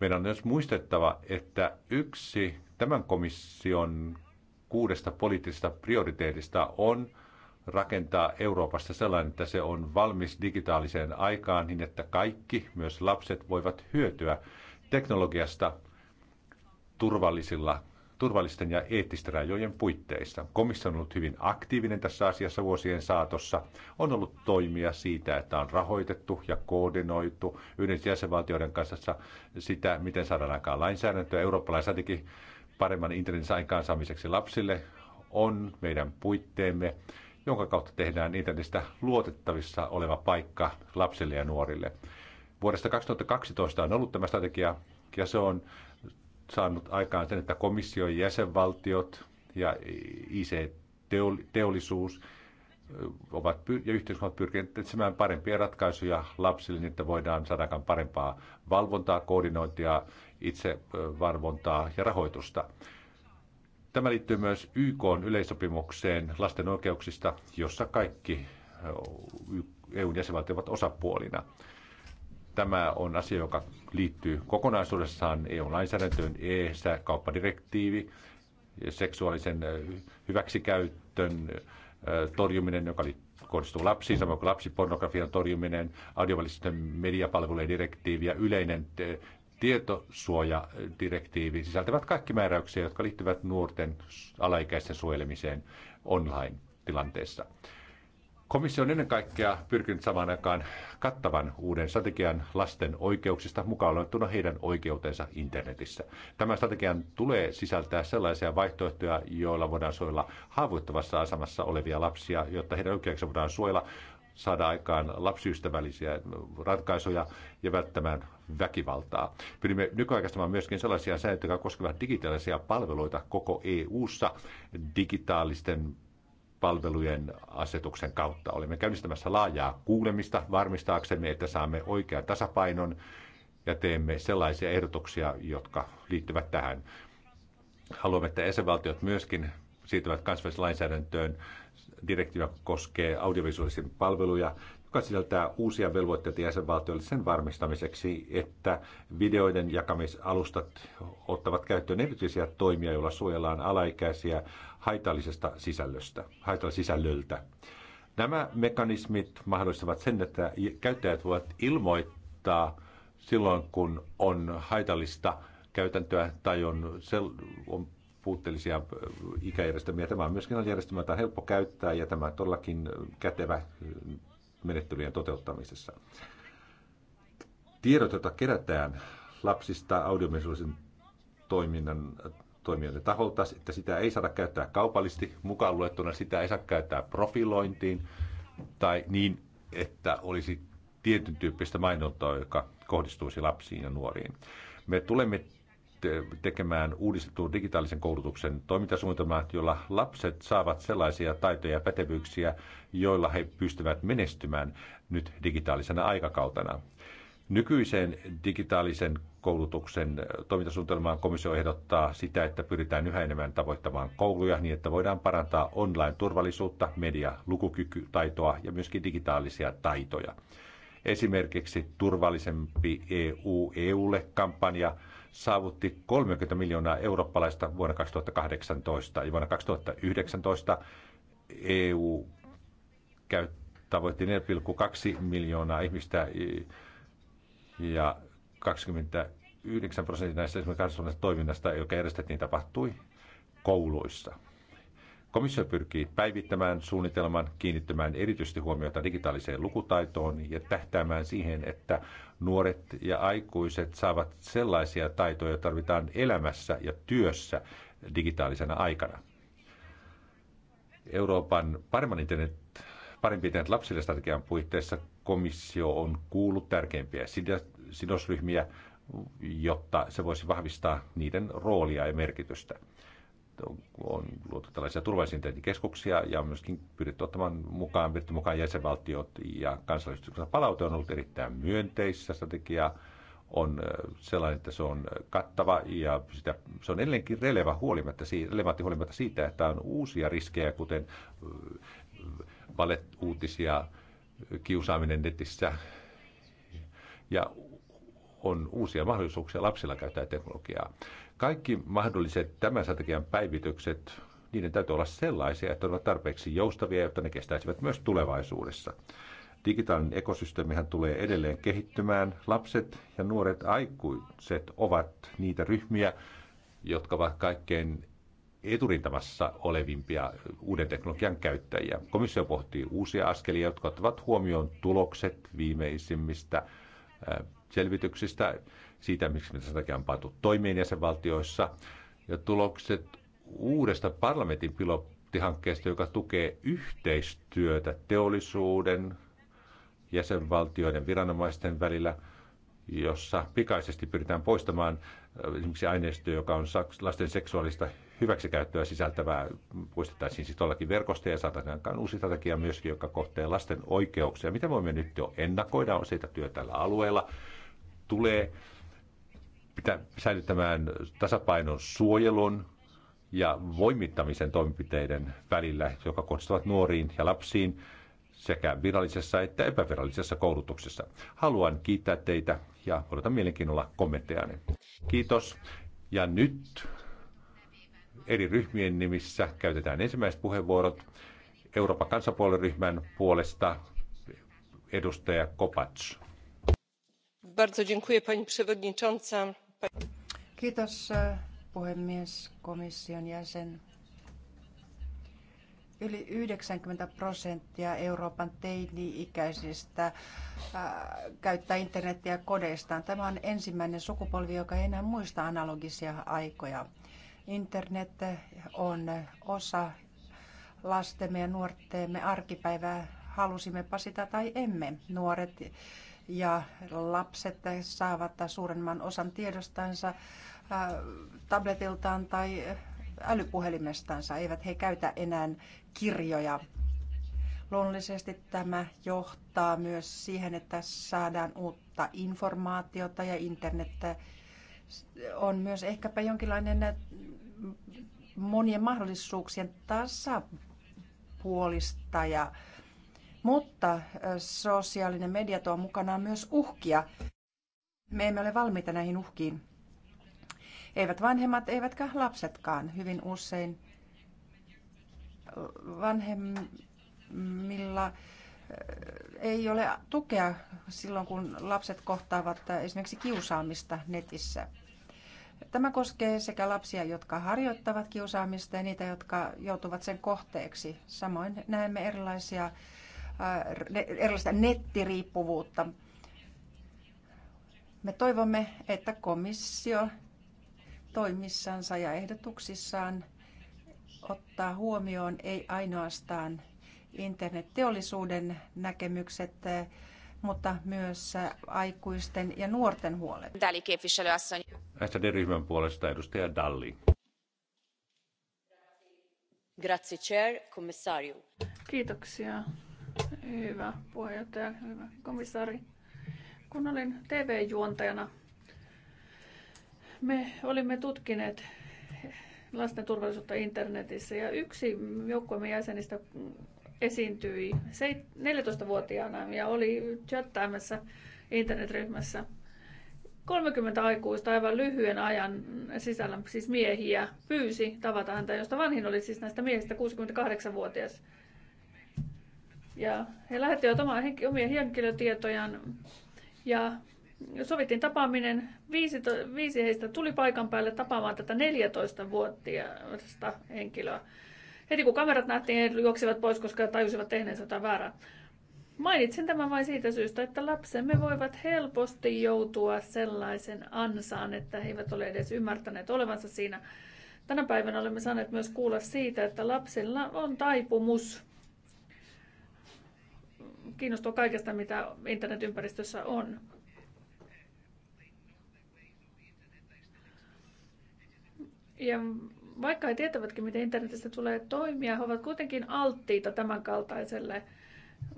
Meidän on myös muistettava, että yksi Tämän komission kuudesta poliittisesta prioriteetista on rakentaa Euroopasta sellainen, että se on valmis digitaaliseen aikaan niin, että kaikki, myös lapset, voivat hyötyä teknologiasta turvallisilla, turvallisten ja eettisten rajojen puitteissa. Komissio on ollut hyvin aktiivinen tässä asiassa vuosien saatossa. On ollut toimia siitä, että on rahoitettu ja koordinoitu yhdessä jäsenvaltioiden kanssa sitä, miten saadaan aikaan lainsäädäntöä. Eurooppalainen paremman internetin aikaansaamiseksi lapsille on meidän puitteemme, jonka kautta tehdään internetistä luotettavissa oleva paikka lapsille ja nuorille. Vuodesta 2012 on ollut tämä strategia ja se on saanut aikaan sen, että komission jäsenvaltiot ja IC-teollisuus ovat, ja yhteiskunnat pyrkineet etsimään parempia ratkaisuja lapsille, niin että voidaan saada parempaa valvontaa, koordinointia itse varvontaa ja rahoitusta. Tämä liittyy myös YK yleisopimukseen lasten oikeuksista, jossa kaikki EUn jäsenvaltiot ovat osapuolina. Tämä on asia, joka liittyy kokonaisuudessaan EU-lainsäädäntöön, EESä-kauppadirektiivi, seksuaalisen hyväksikäytön torjuminen, joka kohdistuu lapsiin, samoin kuin lapsipornografian torjuminen, audiovälisten mediapalvelujen direktiivi ja yleinen tietosuojadirektiivi sisältävät kaikki määräyksiä, jotka liittyvät nuorten alaikäisten suojelemiseen online-tilanteessa. Komissio on ennen kaikkea pyrkinyt samaan aikaan kattavan uuden strategian lasten oikeuksista mukaan luettuna heidän oikeutensa internetissä. Tämän strategian tulee sisältää sellaisia vaihtoehtoja, joilla voidaan suojella haavoittuvassa asemassa olevia lapsia, jotta heidän oikeuksensa voidaan suojella, saada aikaan lapsiystävällisiä ratkaisuja ja välttämään väkivaltaa. Pyrimme nykyaikaistamaan myöskin sellaisia sääntöjä, jotka koskevat digitaalisia palveluita koko EU-ssa digitaalisten palvelujen asetuksen kautta. Olemme käynnistämässä laajaa kuulemista varmistaaksemme, että saamme oikean tasapainon ja teemme sellaisia ehdotuksia, jotka liittyvät tähän. Haluamme, että jäsenvaltiot myöskin siirtyvät lainsäädäntöön. direktiivä koskee audiovisuaalisia palveluja joka sisältää uusia velvoitteita jäsenvaltioille sen varmistamiseksi, että videoiden jakamisalustat ottavat käyttöön erityisiä toimia, joilla suojellaan alaikäisiä haitallisesta sisällöstä, haitallisesta sisällöltä. Nämä mekanismit mahdollistavat sen, että käyttäjät voivat ilmoittaa silloin, kun on haitallista käytäntöä tai on, sel- on puutteellisia äh, ikäjärjestelmiä. Tämä on myöskin järjestelmä, jota on helppo käyttää ja tämä on todellakin kätevä menettelyjen toteuttamisessa. Tiedot, joita kerätään lapsista audiovisuaalisen toiminnan toimijoiden taholta, että sitä ei saada käyttää kaupallisesti, mukaan luettuna sitä ei saa käyttää profilointiin tai niin, että olisi tietyn tyyppistä mainontaa, joka kohdistuisi lapsiin ja nuoriin. Me tulemme Eh, tekemään uudistettu digitaalisen koulutuksen toimintasuunnitelma, jolla lapset saavat sellaisia taitoja ja pätevyyksiä, joilla he pystyvät menestymään nyt digitaalisena aikakautena. Nykyisen digitaalisen koulutuksen eh, toimintasuunnitelmaan komissio ehdottaa sitä, että pyritään yhä enemmän tavoittamaan kouluja niin, että voidaan parantaa online-turvallisuutta, media, lukukykytaitoa ja myöskin digitaalisia taitoja. Esimerkiksi turvallisempi EU EUlle kampanja – saavutti 30 miljoonaa eurooppalaista vuonna 2018. Ja vuonna 2019 EU tavoitti 4,2 miljoonaa ihmistä ja 29 prosenttia näistä esimerkiksi toiminnasta, joka järjestettiin, tapahtui kouluissa. Komissio pyrkii päivittämään suunnitelman, kiinnittämään erityisesti huomiota digitaaliseen lukutaitoon ja tähtäämään siihen, että nuoret ja aikuiset saavat sellaisia taitoja, joita tarvitaan elämässä ja työssä digitaalisena aikana. Euroopan paremman internet, parempi internet lapsille strategian puitteissa komissio on kuullut tärkeimpiä sidosryhmiä, jotta se voisi vahvistaa niiden roolia ja merkitystä on luotu tällaisia turvallisuusintentikeskuksia ja myöskin pyritty ottamaan mukaan, pyritty mukaan jäsenvaltiot ja kansallisyhteiskunnan palaute on ollut erittäin myönteissä strategiaa on sellainen, että se on kattava ja sitä, se on edelleenkin releva huolimatta, relevantti huolimatta siitä, että on uusia riskejä, kuten uutisia, kiusaaminen netissä ja on uusia mahdollisuuksia lapsilla käyttää teknologiaa. Kaikki mahdolliset tämän strategian päivitykset, niiden täytyy olla sellaisia, että ne ovat tarpeeksi joustavia, jotta ne kestäisivät myös tulevaisuudessa. Digitaalinen ekosysteemihän tulee edelleen kehittymään. Lapset ja nuoret aikuiset ovat niitä ryhmiä, jotka ovat kaikkein eturintamassa olevimpia uuden teknologian käyttäjiä. Komissio pohtii uusia askelia, jotka ottavat huomioon tulokset viimeisimmistä selvityksistä siitä, miksi mitä sen takia on pantu toimiin jäsenvaltioissa. Ja tulokset uudesta parlamentin pilottihankkeesta, joka tukee yhteistyötä teollisuuden, jäsenvaltioiden viranomaisten välillä, jossa pikaisesti pyritään poistamaan äh, esimerkiksi aineistoa, joka on lasten seksuaalista hyväksikäyttöä sisältävää, poistettaisiin siis tuollakin verkosta ja saataisiin uusi strategia myöskin, joka kohtee lasten oikeuksia. Mitä voimme nyt jo ennakoida, on siitä työ tällä alueella tulee pitää säilyttämään tasapainon suojelun ja voimittamisen toimenpiteiden välillä, joka kohdistuvat nuoriin ja lapsiin sekä virallisessa että epävirallisessa koulutuksessa. Haluan kiittää teitä ja odotan mielenkiinnolla kommenttejanne. Kiitos. Ja nyt eri ryhmien nimissä käytetään ensimmäiset puheenvuorot. Euroopan ryhmän puolesta edustaja Kopats pani przewodnicząca! Kiitos puhemies, komission jäsen. Yli 90 prosenttia Euroopan teini-ikäisistä äh, käyttää internetiä kodeistaan. Tämä on ensimmäinen sukupolvi, joka ei enää muista analogisia aikoja. Internet on osa lastemme ja nuortemme arkipäivää, halusimmepa sitä tai emme. Nuoret ja lapset saavat suuremman osan tiedostansa äh, tabletiltaan tai älypuhelimestansa, eivät he käytä enää kirjoja. Luonnollisesti tämä johtaa myös siihen, että saadaan uutta informaatiota ja internettä on myös ehkäpä jonkinlainen monien mahdollisuuksien ja mutta sosiaalinen media tuo mukanaan myös uhkia. Me emme ole valmiita näihin uhkiin. Eivät vanhemmat, eivätkä lapsetkaan. Hyvin usein vanhemmilla ei ole tukea silloin, kun lapset kohtaavat esimerkiksi kiusaamista netissä. Tämä koskee sekä lapsia, jotka harjoittavat kiusaamista ja niitä, jotka joutuvat sen kohteeksi. Samoin näemme erilaisia erilaista nettiriippuvuutta. Me toivomme, että komissio toimissansa ja ehdotuksissaan ottaa huomioon ei ainoastaan internetteollisuuden näkemykset, mutta myös aikuisten ja nuorten huolet. SD-ryhmän puolesta edustaja Dalli. Grazie, chair, commissario. Kiitoksia Hyvä puheenjohtaja, hyvä komissaari. Kun olin TV-juontajana, me olimme tutkineet lasten turvallisuutta internetissä ja yksi joukkueemme jäsenistä esiintyi 14-vuotiaana ja oli chattaamassa internetryhmässä 30 aikuista aivan lyhyen ajan sisällä, siis miehiä, pyysi tavata häntä, josta vanhin oli siis näistä miehistä 68-vuotias. Ja he lähettivät omaa, omia henkilötietojaan ja sovittiin tapaaminen. Viisi, viisi heistä tuli paikan päälle tapaamaan tätä 14-vuotiaista henkilöä. Heti kun kamerat nähtiin, he juoksivat pois, koska tajusivat tehneensä jotain väärää. Mainitsen tämän vain siitä syystä, että lapsemme voivat helposti joutua sellaisen ansaan, että he eivät ole edes ymmärtäneet olevansa siinä. Tänä päivänä olemme saaneet myös kuulla siitä, että lapsilla on taipumus kiinnostua kaikesta, mitä internetympäristössä on. Ja vaikka he tietävätkin, miten internetistä tulee toimia, he ovat kuitenkin alttiita tämänkaltaiselle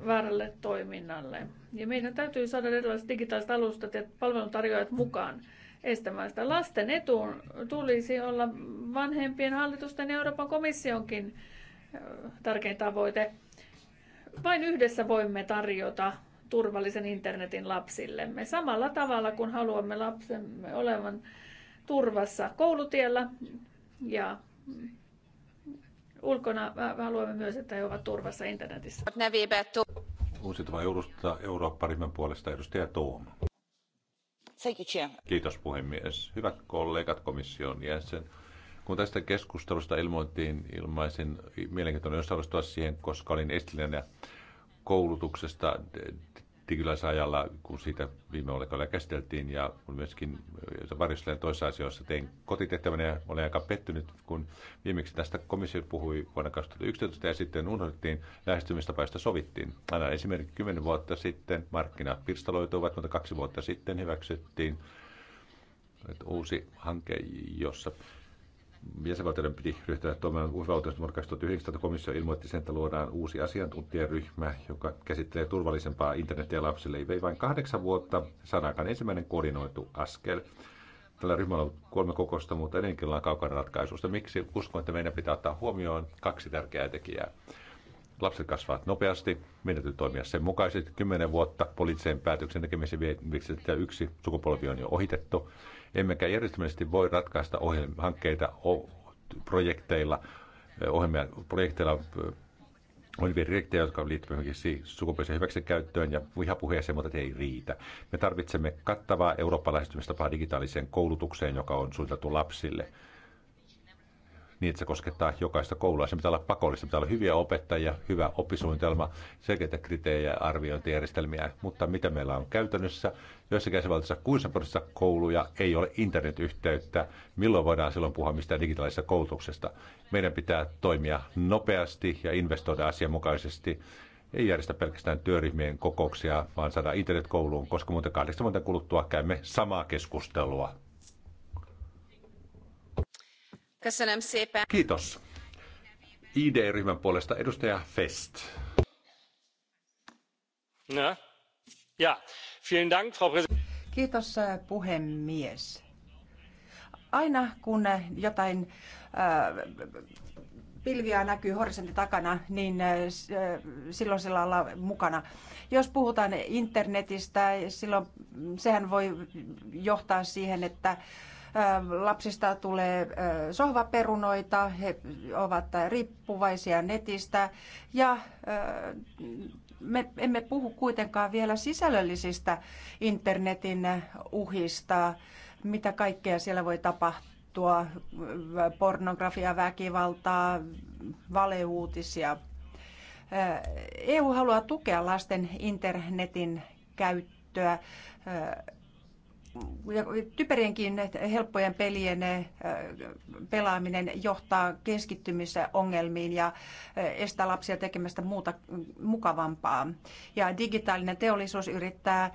väärälle toiminnalle. Ja meidän täytyy saada erilaiset digitaaliset alustat ja palveluntarjoajat mukaan estämään sitä. Lasten etuun tulisi olla vanhempien hallitusten ja Euroopan komissionkin tärkein tavoite. Vain yhdessä voimme tarjota turvallisen internetin lapsillemme. Samalla tavalla kuin haluamme lapsemme olevan turvassa koulutiellä ja ulkona haluamme myös, että he ovat turvassa internetissä. Uusiutuva Eurosta, Eurooppa-ryhmän puolesta edustaja Tuoma. Kiitos puhemies. Hyvät kollegat, komission jäsen. Kun tästä keskustelusta ilmoittiin, ilmaisin mielenkiintoinen osallistua siihen, koska olin estilänä koulutuksesta digilaisajalla, kun siitä viime vuonna käsiteltiin, ja kun myöskin äh, varjostelen toisissa asioissa tein kotitehtävänä, ja olen aika pettynyt, kun viimeksi tästä komissio puhui vuonna 2011, ja sitten unohdettiin lähestymistapaista sovittiin. Aina esimerkiksi 10 vuotta sitten markkinat pirstaloituivat, mutta kaksi vuotta sitten hyväksyttiin uusi hanke, jossa jäsenvaltioiden piti ryhtyä toimimaan uusvaltuusta vuonna 2019. Komissio ilmoitti sen, että luodaan uusi asiantuntijaryhmä, joka käsittelee turvallisempaa internetiä lapsille. Ei vei vain kahdeksan vuotta, saadaan ensimmäinen koordinoitu askel. Tällä ryhmällä on ollut kolme kokosta mutta edelleenkin ollaan kaukana ratkaisusta. Miksi uskon, että meidän pitää ottaa huomioon kaksi tärkeää tekijää? Lapset kasvavat nopeasti, meidän täytyy toimia sen mukaisesti. Kymmenen vuotta poliittisen päätöksen tekemisen miksi yksi sukupolvi on jo ohitettu emmekä järjestelmällisesti voi ratkaista ohjelma, hankkeita projekteilla, ohjelmia, projekteilla on direktejä, jotka liittyvät esimerkiksi sukupuolisen hyväksikäyttöön ja vihapuheeseen, mutta ei riitä. Me tarvitsemme kattavaa eurooppalaistumistapaa digitaaliseen koulutukseen, joka on suunniteltu lapsille niin, että se koskettaa jokaista koulua. Se pitää olla pakollista, pitää olla hyviä opettajia, hyvä opisuunnitelma, selkeitä kriteerejä, arviointijärjestelmiä. Mutta mitä meillä on käytännössä? Joissakin jäsenvaltioissa 6 prosentissa kouluja ei ole internetyhteyttä. Milloin voidaan silloin puhua mistään digitaalisesta koulutuksesta? Meidän pitää toimia nopeasti ja investoida asianmukaisesti ei järjestä pelkästään työryhmien kokouksia, vaan saada internet kouluun, koska muuten kahdeksan vuoden kuluttua käymme samaa keskustelua. Kiitos. ID-ryhmän puolesta edustaja Fest. No. Ja. Vielen Dank, Frau Kiitos äh, puhemies. Aina kun jotain äh, pilviä näkyy horisontin takana, niin äh, äh, silloin sillä olla mukana. Jos puhutaan internetistä, silloin sehän voi johtaa siihen, että Ähm, lapsista tulee äh, sohvaperunoita, he ovat riippuvaisia netistä ja äh, me emme puhu kuitenkaan vielä sisällöllisistä internetin uhista, mitä kaikkea siellä voi tapahtua, äh, pornografia, väkivaltaa, valeuutisia. EU haluaa tukea lasten internetin käyttöä typerienkin helppojen pelien eh, pelaaminen johtaa keskittymisongelmiin ja eh, estää lapsia tekemästä muuta mm, mukavampaa. Ja digitaalinen teollisuus yrittää eh,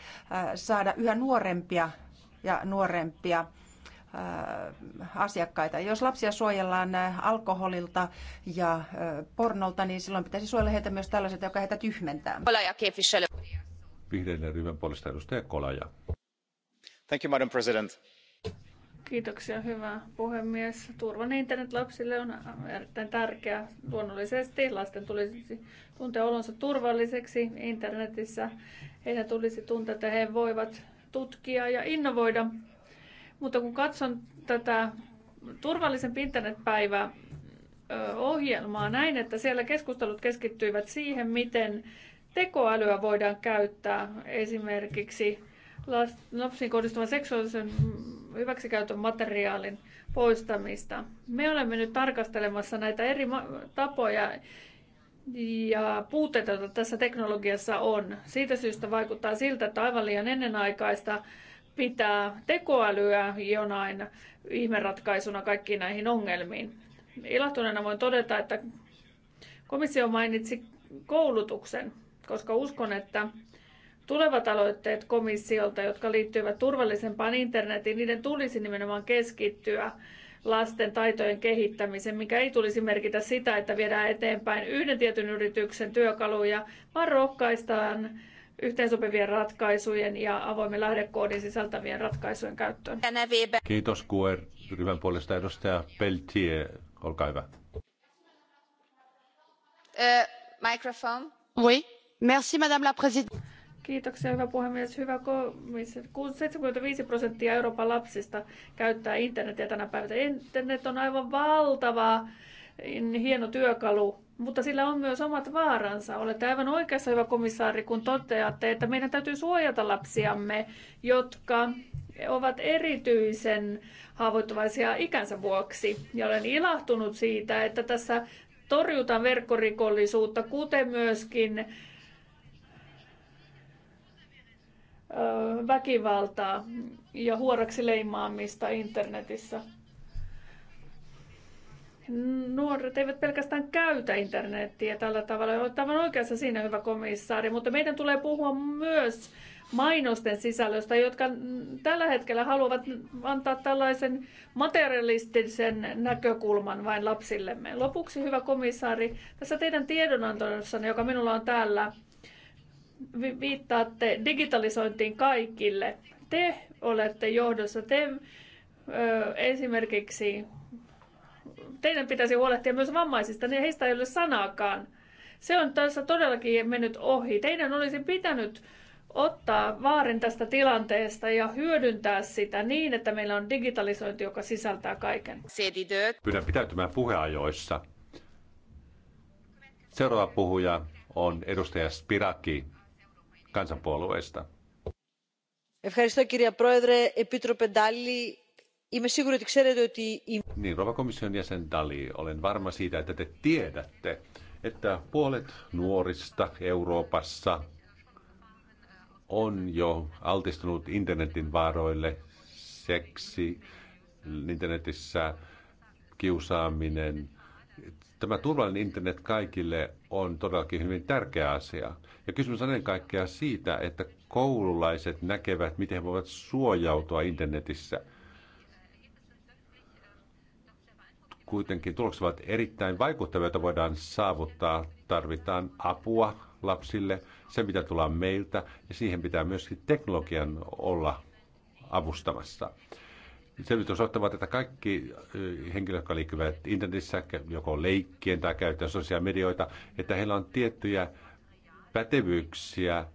saada yhä nuorempia ja nuorempia asiakkaita. Jos lapsia suojellaan alkoholilta ja pornolta, niin silloin pitäisi suojella heitä myös tällaiset, joka heitä tyhmentää. Vihreiden ryhmän puolesta edustaja Kolaja madam president Kiitoksia, hyvä puhemies. Turvan niin internet lapsille on erittäin tärkeä. Luonnollisesti lasten tulisi tuntea olonsa turvalliseksi internetissä. Heidän tulisi tuntea, että he voivat tutkia ja innovoida. Mutta kun katson tätä turvallisen internetpäivää ohjelmaa, näin, että siellä keskustelut keskittyivät siihen, miten tekoälyä voidaan käyttää esimerkiksi lapsiin kohdistuvan seksuaalisen hyväksikäytön materiaalin poistamista. Me olemme nyt tarkastelemassa näitä eri tapoja ja puutteita, joita tässä teknologiassa on. Siitä syystä vaikuttaa siltä, että aivan liian ennenaikaista pitää tekoälyä jonain ihmeratkaisuna kaikkiin näihin ongelmiin. Ilahtuneena voin todeta, että komissio mainitsi koulutuksen, koska uskon, että Tulevat aloitteet komissiolta, jotka liittyvät turvallisempaan internetiin, niiden tulisi nimenomaan keskittyä lasten taitojen kehittämiseen, mikä ei tulisi merkitä sitä, että viedään eteenpäin yhden tietyn yrityksen työkaluja, vaan rohkaistaan yhteensopivien ratkaisujen ja avoimen lähdekoodin sisältävien ratkaisujen käyttöön. Kiitos QR-ryhmän puolesta edustaja Peltier, olkaa hyvä. Uh, microphone. Oui. Merci, madame la présidente Kiitoksia, hyvä puhemies. Hyvä komissio. 75 prosenttia Euroopan lapsista käyttää internetiä tänä päivänä. Internet on aivan valtava mm, hieno työkalu, mutta sillä on myös omat vaaransa. Olette aivan oikeassa, hyvä komissaari, kun toteatte, että meidän täytyy suojata lapsiamme, jotka ovat erityisen haavoittuvaisia ikänsä vuoksi. Ja olen ilahtunut siitä, että tässä torjutaan verkkorikollisuutta, kuten myöskin väkivaltaa ja huoraksi leimaamista internetissä. Nuoret eivät pelkästään käytä internettiä tällä tavalla. Olet aivan oikeassa siinä, hyvä komissaari, mutta meidän tulee puhua myös mainosten sisällöstä, jotka tällä hetkellä haluavat antaa tällaisen materialistisen näkökulman vain lapsillemme. Lopuksi, hyvä komissaari, tässä teidän tiedonantossa, joka minulla on täällä, viittaatte digitalisointiin kaikille. Te olette johdossa, te ö, esimerkiksi, teidän pitäisi huolehtia myös vammaisista, niin heistä ei ole sanaakaan. Se on tässä todellakin mennyt ohi. Teidän olisi pitänyt ottaa vaarin tästä tilanteesta ja hyödyntää sitä niin, että meillä on digitalisointi, joka sisältää kaiken. Pyydän pitäytymään puheajoissa. Seuraava puhuja on edustaja Spiraki kansanpuolueista. Niin, rouva komission jäsen Dali, olen varma siitä, että te tiedätte, että puolet nuorista Euroopassa on jo altistunut internetin vaaroille, seksi, internetissä kiusaaminen, tämä turvallinen internet kaikille on todellakin hyvin tärkeä asia. Ja kysymys on ennen kaikkea siitä, että koululaiset näkevät, miten he voivat suojautua internetissä. Kuitenkin tulokset ovat erittäin vaikuttavia, joita voidaan saavuttaa. Tarvitaan apua lapsille, se mitä tulee meiltä, ja siihen pitää myöskin teknologian olla avustamassa selvitys osoittavat, että kaikki henkilöt, jotka liikkuvat internetissä, joko leikkien tai käyttäen sosiaalisia medioita, että heillä on tiettyjä pätevyyksiä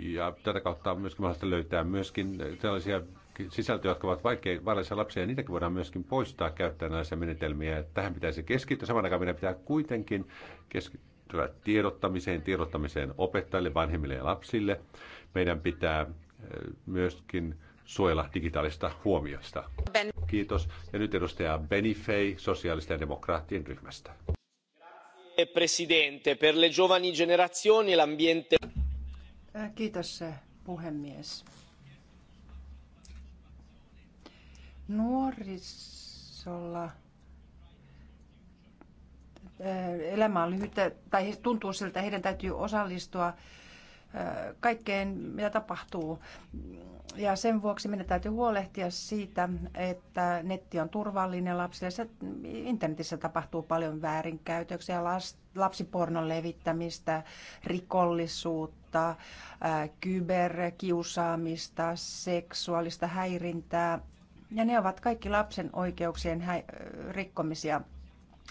ja tätä kautta on myöskin mahdollista löytää myöskin sellaisia sisältöjä, jotka ovat vaikea vaarallisia lapsia, ja niitäkin voidaan myöskin poistaa käyttäen näissä menetelmiä. Tähän pitäisi keskittyä. Samaan aikaan meidän pitää kuitenkin keskittyä tiedottamiseen, tiedottamiseen opettajille, vanhemmille ja lapsille. Meidän pitää myöskin suojella digitaalista huomioista. Ben. Kiitos. Ja nyt edustaja Fay sosiaalisten ja demokraattien ryhmästä. Eh, presidente, per le giovani generazioni l'ambiente... Eh, kiitos eh, puhemies. Nuorisolla elämä on lyhyttä, tai tuntuu siltä, että heidän täytyy osallistua kaikkeen, mitä tapahtuu. Ja sen vuoksi meidän täytyy huolehtia siitä, että netti on turvallinen lapsille. Se, internetissä tapahtuu paljon väärinkäytöksiä, lapsipornon levittämistä, rikollisuutta, kyberkiusaamista, seksuaalista häirintää. Ja ne ovat kaikki lapsen oikeuksien rikkomisia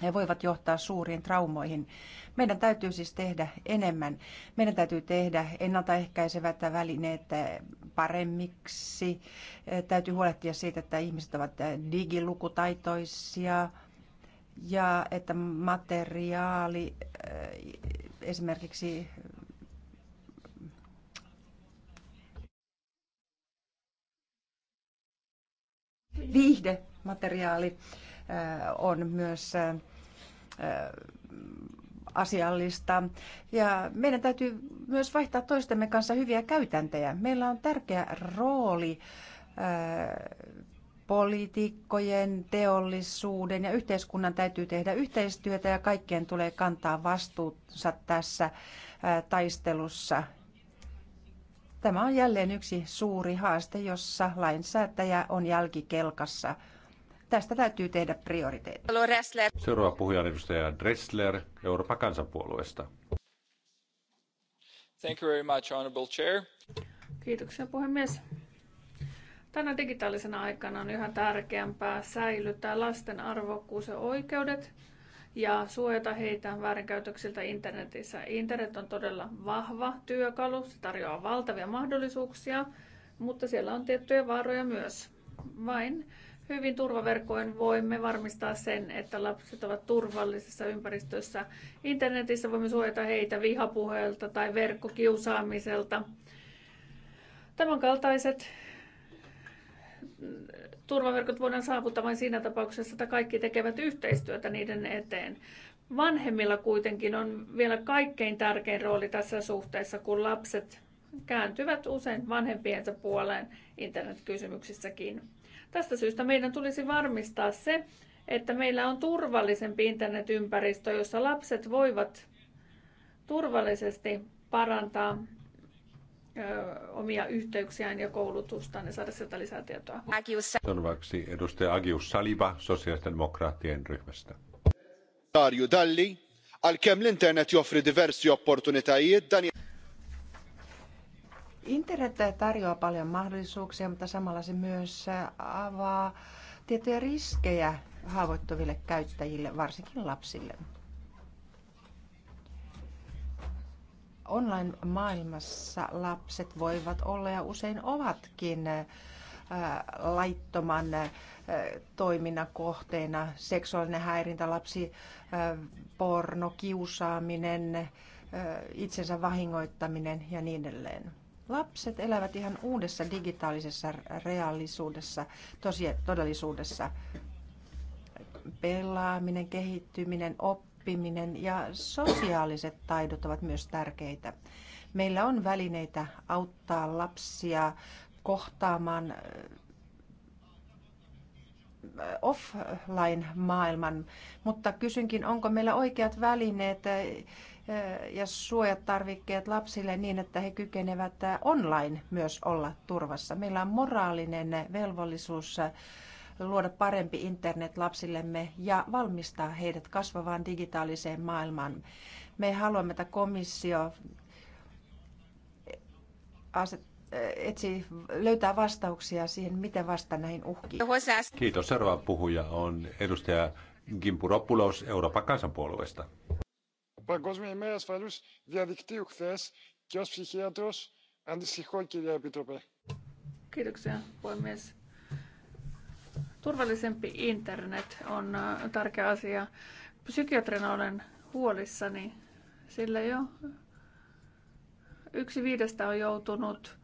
he voivat johtaa suuriin traumoihin. Meidän täytyy siis tehdä enemmän. Meidän täytyy tehdä ennaltaehkäisevät välineet eh, paremmiksi. Eh, täytyy huolehtia siitä, että ihmiset ovat eh, digilukutaitoisia ja että materiaali esimerkiksi viihdemateriaali materiaali on myös asiallista. Ja meidän täytyy myös vaihtaa toistemme kanssa hyviä käytäntöjä. Meillä on tärkeä rooli poliitikkojen, teollisuuden ja yhteiskunnan täytyy tehdä yhteistyötä ja kaikkien tulee kantaa vastuunsa tässä taistelussa. Tämä on jälleen yksi suuri haaste, jossa lainsäätäjä on jälkikelkassa – Tästä täytyy tehdä prioriteetti. Seuraava puhuja on edustaja Dressler Euroopan kansanpuolueesta. Thank you very much, Honorable Chair. Kiitoksia puhemies. Tänä digitaalisena aikana on yhä tärkeämpää säilyttää lasten arvokkuus ja oikeudet ja suojata heitä väärinkäytöksiltä internetissä. Internet on todella vahva työkalu, se tarjoaa valtavia mahdollisuuksia, mutta siellä on tiettyjä vaaroja myös. Vain hyvin turvaverkoin voimme varmistaa sen, että lapset ovat turvallisessa ympäristössä. Internetissä voimme suojata heitä vihapuheelta tai verkkokiusaamiselta. Tämän kaltaiset turvaverkot voidaan saavuttaa vain siinä tapauksessa, että kaikki tekevät yhteistyötä niiden eteen. Vanhemmilla kuitenkin on vielä kaikkein tärkein rooli tässä suhteessa, kun lapset kääntyvät usein vanhempiensa puoleen internetkysymyksissäkin. Tästä syystä meidän tulisi varmistaa se, että meillä on turvallisempi internetympäristö, jossa lapset voivat turvallisesti parantaa omia yhteyksiään ja koulutustaan ja saada sieltä lisää tietoa. Seuraavaksi edustaja Agius Saliba sosiaalidemokraattien ryhmästä. Tarju Dalli, al kem l-internet joffri diversi opportunitajiet Internet tarjoaa paljon mahdollisuuksia, mutta samalla se myös avaa tiettyjä riskejä haavoittuville käyttäjille, varsinkin lapsille. Online-maailmassa lapset voivat olla ja usein ovatkin laittoman toiminnan kohteena. Seksuaalinen häirintä, lapsi, porno, kiusaaminen, itsensä vahingoittaminen ja niin edelleen. Lapset elävät ihan uudessa digitaalisessa realisuudessa, tosi, todellisuudessa. Pelaaminen, kehittyminen, oppiminen ja sosiaaliset taidot ovat myös tärkeitä. Meillä on välineitä auttaa lapsia kohtaamaan offline-maailman, mutta kysynkin, onko meillä oikeat välineet eh, ja suojat tarvikkeet lapsille niin, että he kykenevät eh, online myös olla turvassa. Meillä on moraalinen velvollisuus eh, luoda parempi internet lapsillemme ja valmistaa heidät kasvavaan digitaaliseen maailmaan. Me haluamme, että komissio asettaa etsi, löytää vastauksia siihen, miten vasta näihin uhkiin. Kiitos. Seuraava puhuja on edustaja Gimpuropoulos Euroopan kansanpuolueesta. Kiitoksia puhemies. Turvallisempi internet on äh, tärkeä asia. Psykiatrina olen huolissani, sillä jo yksi viidestä on joutunut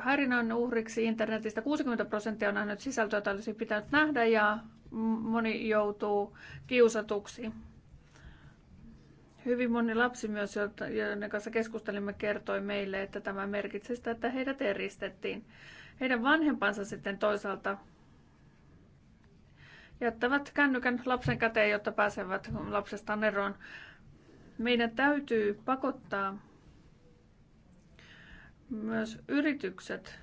häirinnän uhriksi internetistä. 60 prosenttia on nähnyt sisältöä, jota olisi pitänyt nähdä ja moni joutuu kiusatuksi. Hyvin moni lapsi myös, joiden kanssa keskustelimme, kertoi meille, että tämä merkitsee sitä, että heidät eristettiin. Heidän vanhempansa sitten toisaalta jättävät kännykän lapsen käteen, jotta pääsevät lapsestaan eroon. Meidän täytyy pakottaa myös yritykset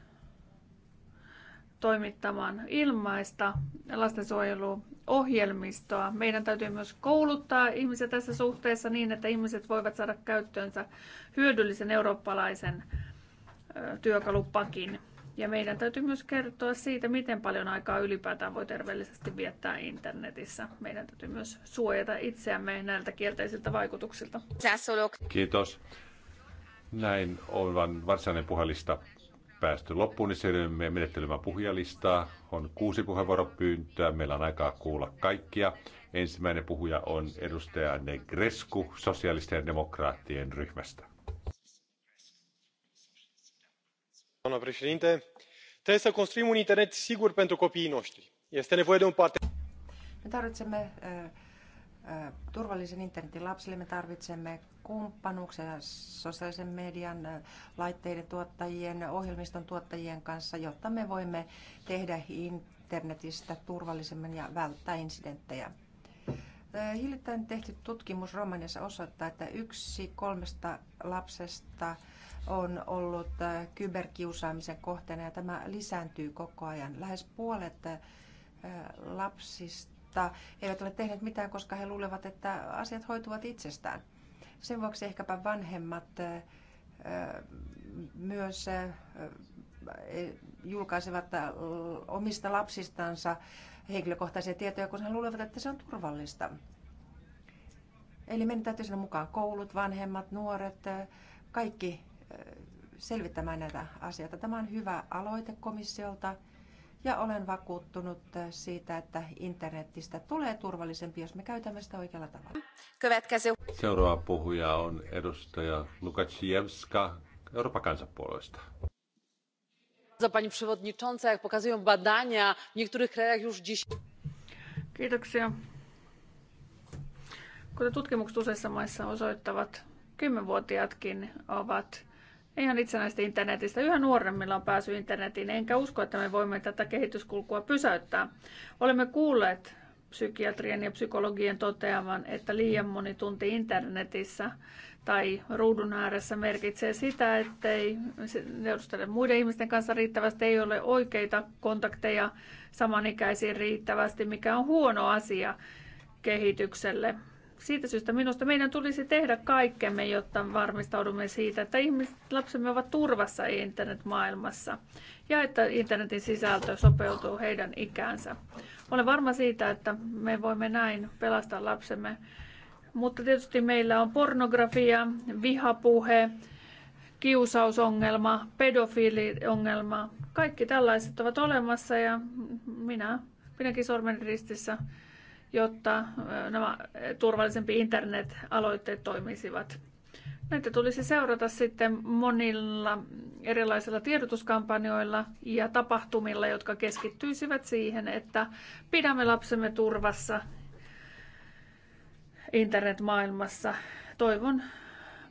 toimittamaan ilmaista lastensuojeluohjelmistoa. Meidän täytyy myös kouluttaa ihmisiä tässä suhteessa niin, että ihmiset voivat saada käyttöönsä hyödyllisen eurooppalaisen työkalupakin. Ja meidän täytyy myös kertoa siitä, miten paljon aikaa ylipäätään voi terveellisesti viettää internetissä. Meidän täytyy myös suojata itseämme näiltä kielteisiltä vaikutuksilta. Kiitos. Näin on varsinainen puhelista päästy loppuun, niin siirrymme menettelemään puhujalistaa. On kuusi puheenvuoropyyntöä, meillä on aikaa kuulla kaikkia. Ensimmäinen puhuja on edustaja Negresku sosiaalisten ja demokraattien ryhmästä. Doamna președinte, trebuie să construim un internet sigur pentru copiii noștri. Este nevoie de un partener. Me tarvitsemme äh, turvallisen internetin lapsille. Me tarvitsemme kumppanuuksia sosiaalisen median, laitteiden tuottajien, ohjelmiston tuottajien kanssa, jotta me voimme tehdä internetistä turvallisemman ja välttää incidenttejä. Hiljattain tehty tutkimus Romaniassa osoittaa, että yksi kolmesta lapsesta on ollut kyberkiusaamisen kohteena ja tämä lisääntyy koko ajan. Lähes puolet lapsista mutta eivät ole tehneet mitään, koska he luulevat, että asiat hoituvat itsestään. Sen vuoksi ehkäpä vanhemmat myös e, julkaisevat omista lapsistansa henkilökohtaisia tietoja, kun he luulevat, että se on turvallista. Eli meidän täytyy sinne mukaan koulut, vanhemmat, nuoret, kaikki selvittämään näitä asioita. Tämä on hyvä aloite komissiolta ja olen vakuuttunut siitä, että internetistä tulee turvallisempi, jos me käytämme sitä oikealla tavalla. Seuraava puhuja on edustaja Lukaczewska Euroopan kansanpuolueesta. Pani przewodnicząca, jak pokazują badania, w niektórych krajach już dziś... Kiitoksia. Kuten tutkimukset useissa maissa osoittavat, kymmenvuotiaatkin ovat ihan itsenäisesti internetistä. Yhä nuoremmilla on pääsy internetiin, enkä usko, että me voimme tätä kehityskulkua pysäyttää. Olemme kuulleet psykiatrien ja psykologien toteavan, että liian moni tunti internetissä tai ruudun ääressä merkitsee sitä, ettei neuvostele muiden ihmisten kanssa riittävästi, ei ole oikeita kontakteja samanikäisiin riittävästi, mikä on huono asia kehitykselle. Siitä syystä minusta meidän tulisi tehdä kaikkemme, jotta varmistaudumme siitä, että ihmiset, lapsemme ovat turvassa internetmaailmassa ja että internetin sisältö sopeutuu heidän ikäänsä. Olen varma siitä, että me voimme näin pelastaa lapsemme, mutta tietysti meillä on pornografia, vihapuhe, kiusausongelma, pedofiiliongelma. Kaikki tällaiset ovat olemassa ja minä pidänkin sormen ristissä jotta nämä turvallisempi internet-aloitteet toimisivat. Näitä tulisi seurata sitten monilla erilaisilla tiedotuskampanjoilla ja tapahtumilla, jotka keskittyisivät siihen, että pidämme lapsemme turvassa internetmaailmassa. Toivon,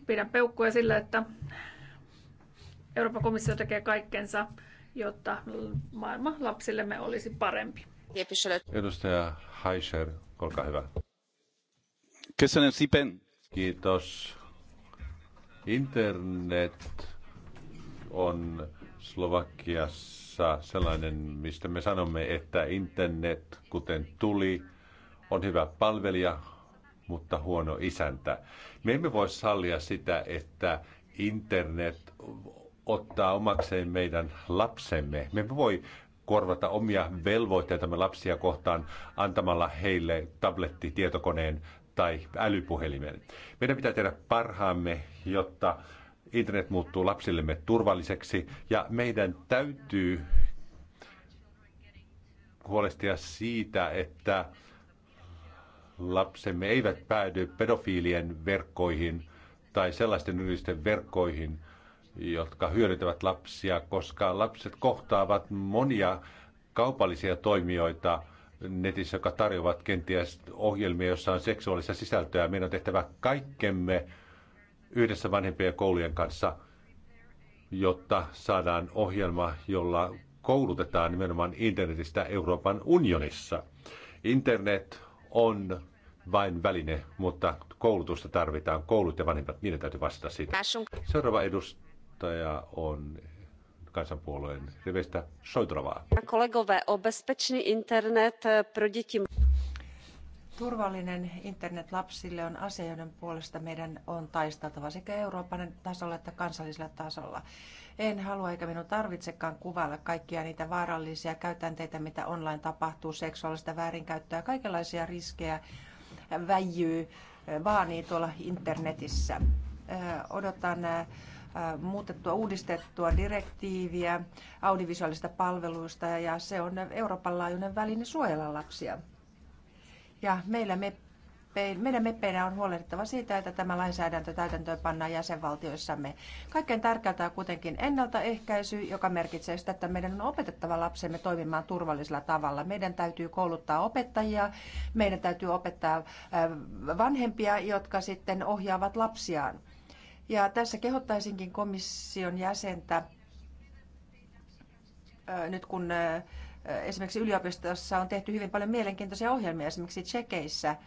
pidän peukkuja sillä, että Euroopan komissio tekee kaikkensa, jotta maailma lapsillemme olisi parempi. Edustaja Heischer, olkaa hyvä. Kiitos. Internet on Slovakiassa sellainen, mistä me sanomme, että internet, kuten tuli, on hyvä palvelija, mutta huono isäntä. Me emme voi sallia sitä, että internet ottaa omakseen meidän lapsemme. Me emme voi korvata omia velvoitteitamme lapsia kohtaan antamalla heille tabletti, tietokoneen tai älypuhelimen. Meidän pitää tehdä parhaamme, jotta internet muuttuu lapsillemme turvalliseksi ja meidän täytyy huolestia siitä, että lapsemme eivät päädy pedofiilien verkkoihin tai sellaisten yritysten verkkoihin, jotka hyödyttävät lapsia, koska lapset kohtaavat monia kaupallisia toimijoita netissä, jotka tarjoavat kenties ohjelmia, joissa on seksuaalista sisältöä. Meidän on tehtävä kaikkemme yhdessä vanhempien koulujen kanssa, jotta saadaan ohjelma, jolla koulutetaan nimenomaan internetistä Euroopan unionissa. Internet on vain väline, mutta koulutusta tarvitaan. Koulut ja vanhemmat, niiden täytyy vastata siitä. Seuraava edustaja. Edustaja on kansanpuolueen rivistä Soitravaa. Kollegove, o bezpečný internet eh, pro děti. Turvallinen internet lapsille on asia, joiden puolesta meidän on taisteltava sekä Euroopan tasolla että kansallisella tasolla. En halua eikä minun tarvitsekaan kuvailla kaikkia niitä vaarallisia käytänteitä, mitä online tapahtuu, seksuaalista väärinkäyttöä, kaikenlaisia riskejä väijyy, eh, vaanii tuolla internetissä. Eh, odotan muutettua, uudistettua direktiiviä audiovisuaalista palveluista ja se on Euroopan laajuinen väline suojella lapsia. Ja meillä me meidän meppeinä on huolehdittava siitä, että tämä lainsäädäntö täytäntöön pannaan jäsenvaltioissamme. Kaikkein tärkeintä on kuitenkin ennaltaehkäisy, joka merkitsee sitä, että meidän on opetettava lapsemme toimimaan turvallisella tavalla. Meidän täytyy kouluttaa opettajia, meidän täytyy opettaa vanhempia, jotka sitten ohjaavat lapsiaan. Ja tässä kehottaisinkin komission jäsentä, nyt kun esimerkiksi yliopistossa on tehty hyvin paljon mielenkiintoisia ohjelmia, esimerkiksi Tsekeissä –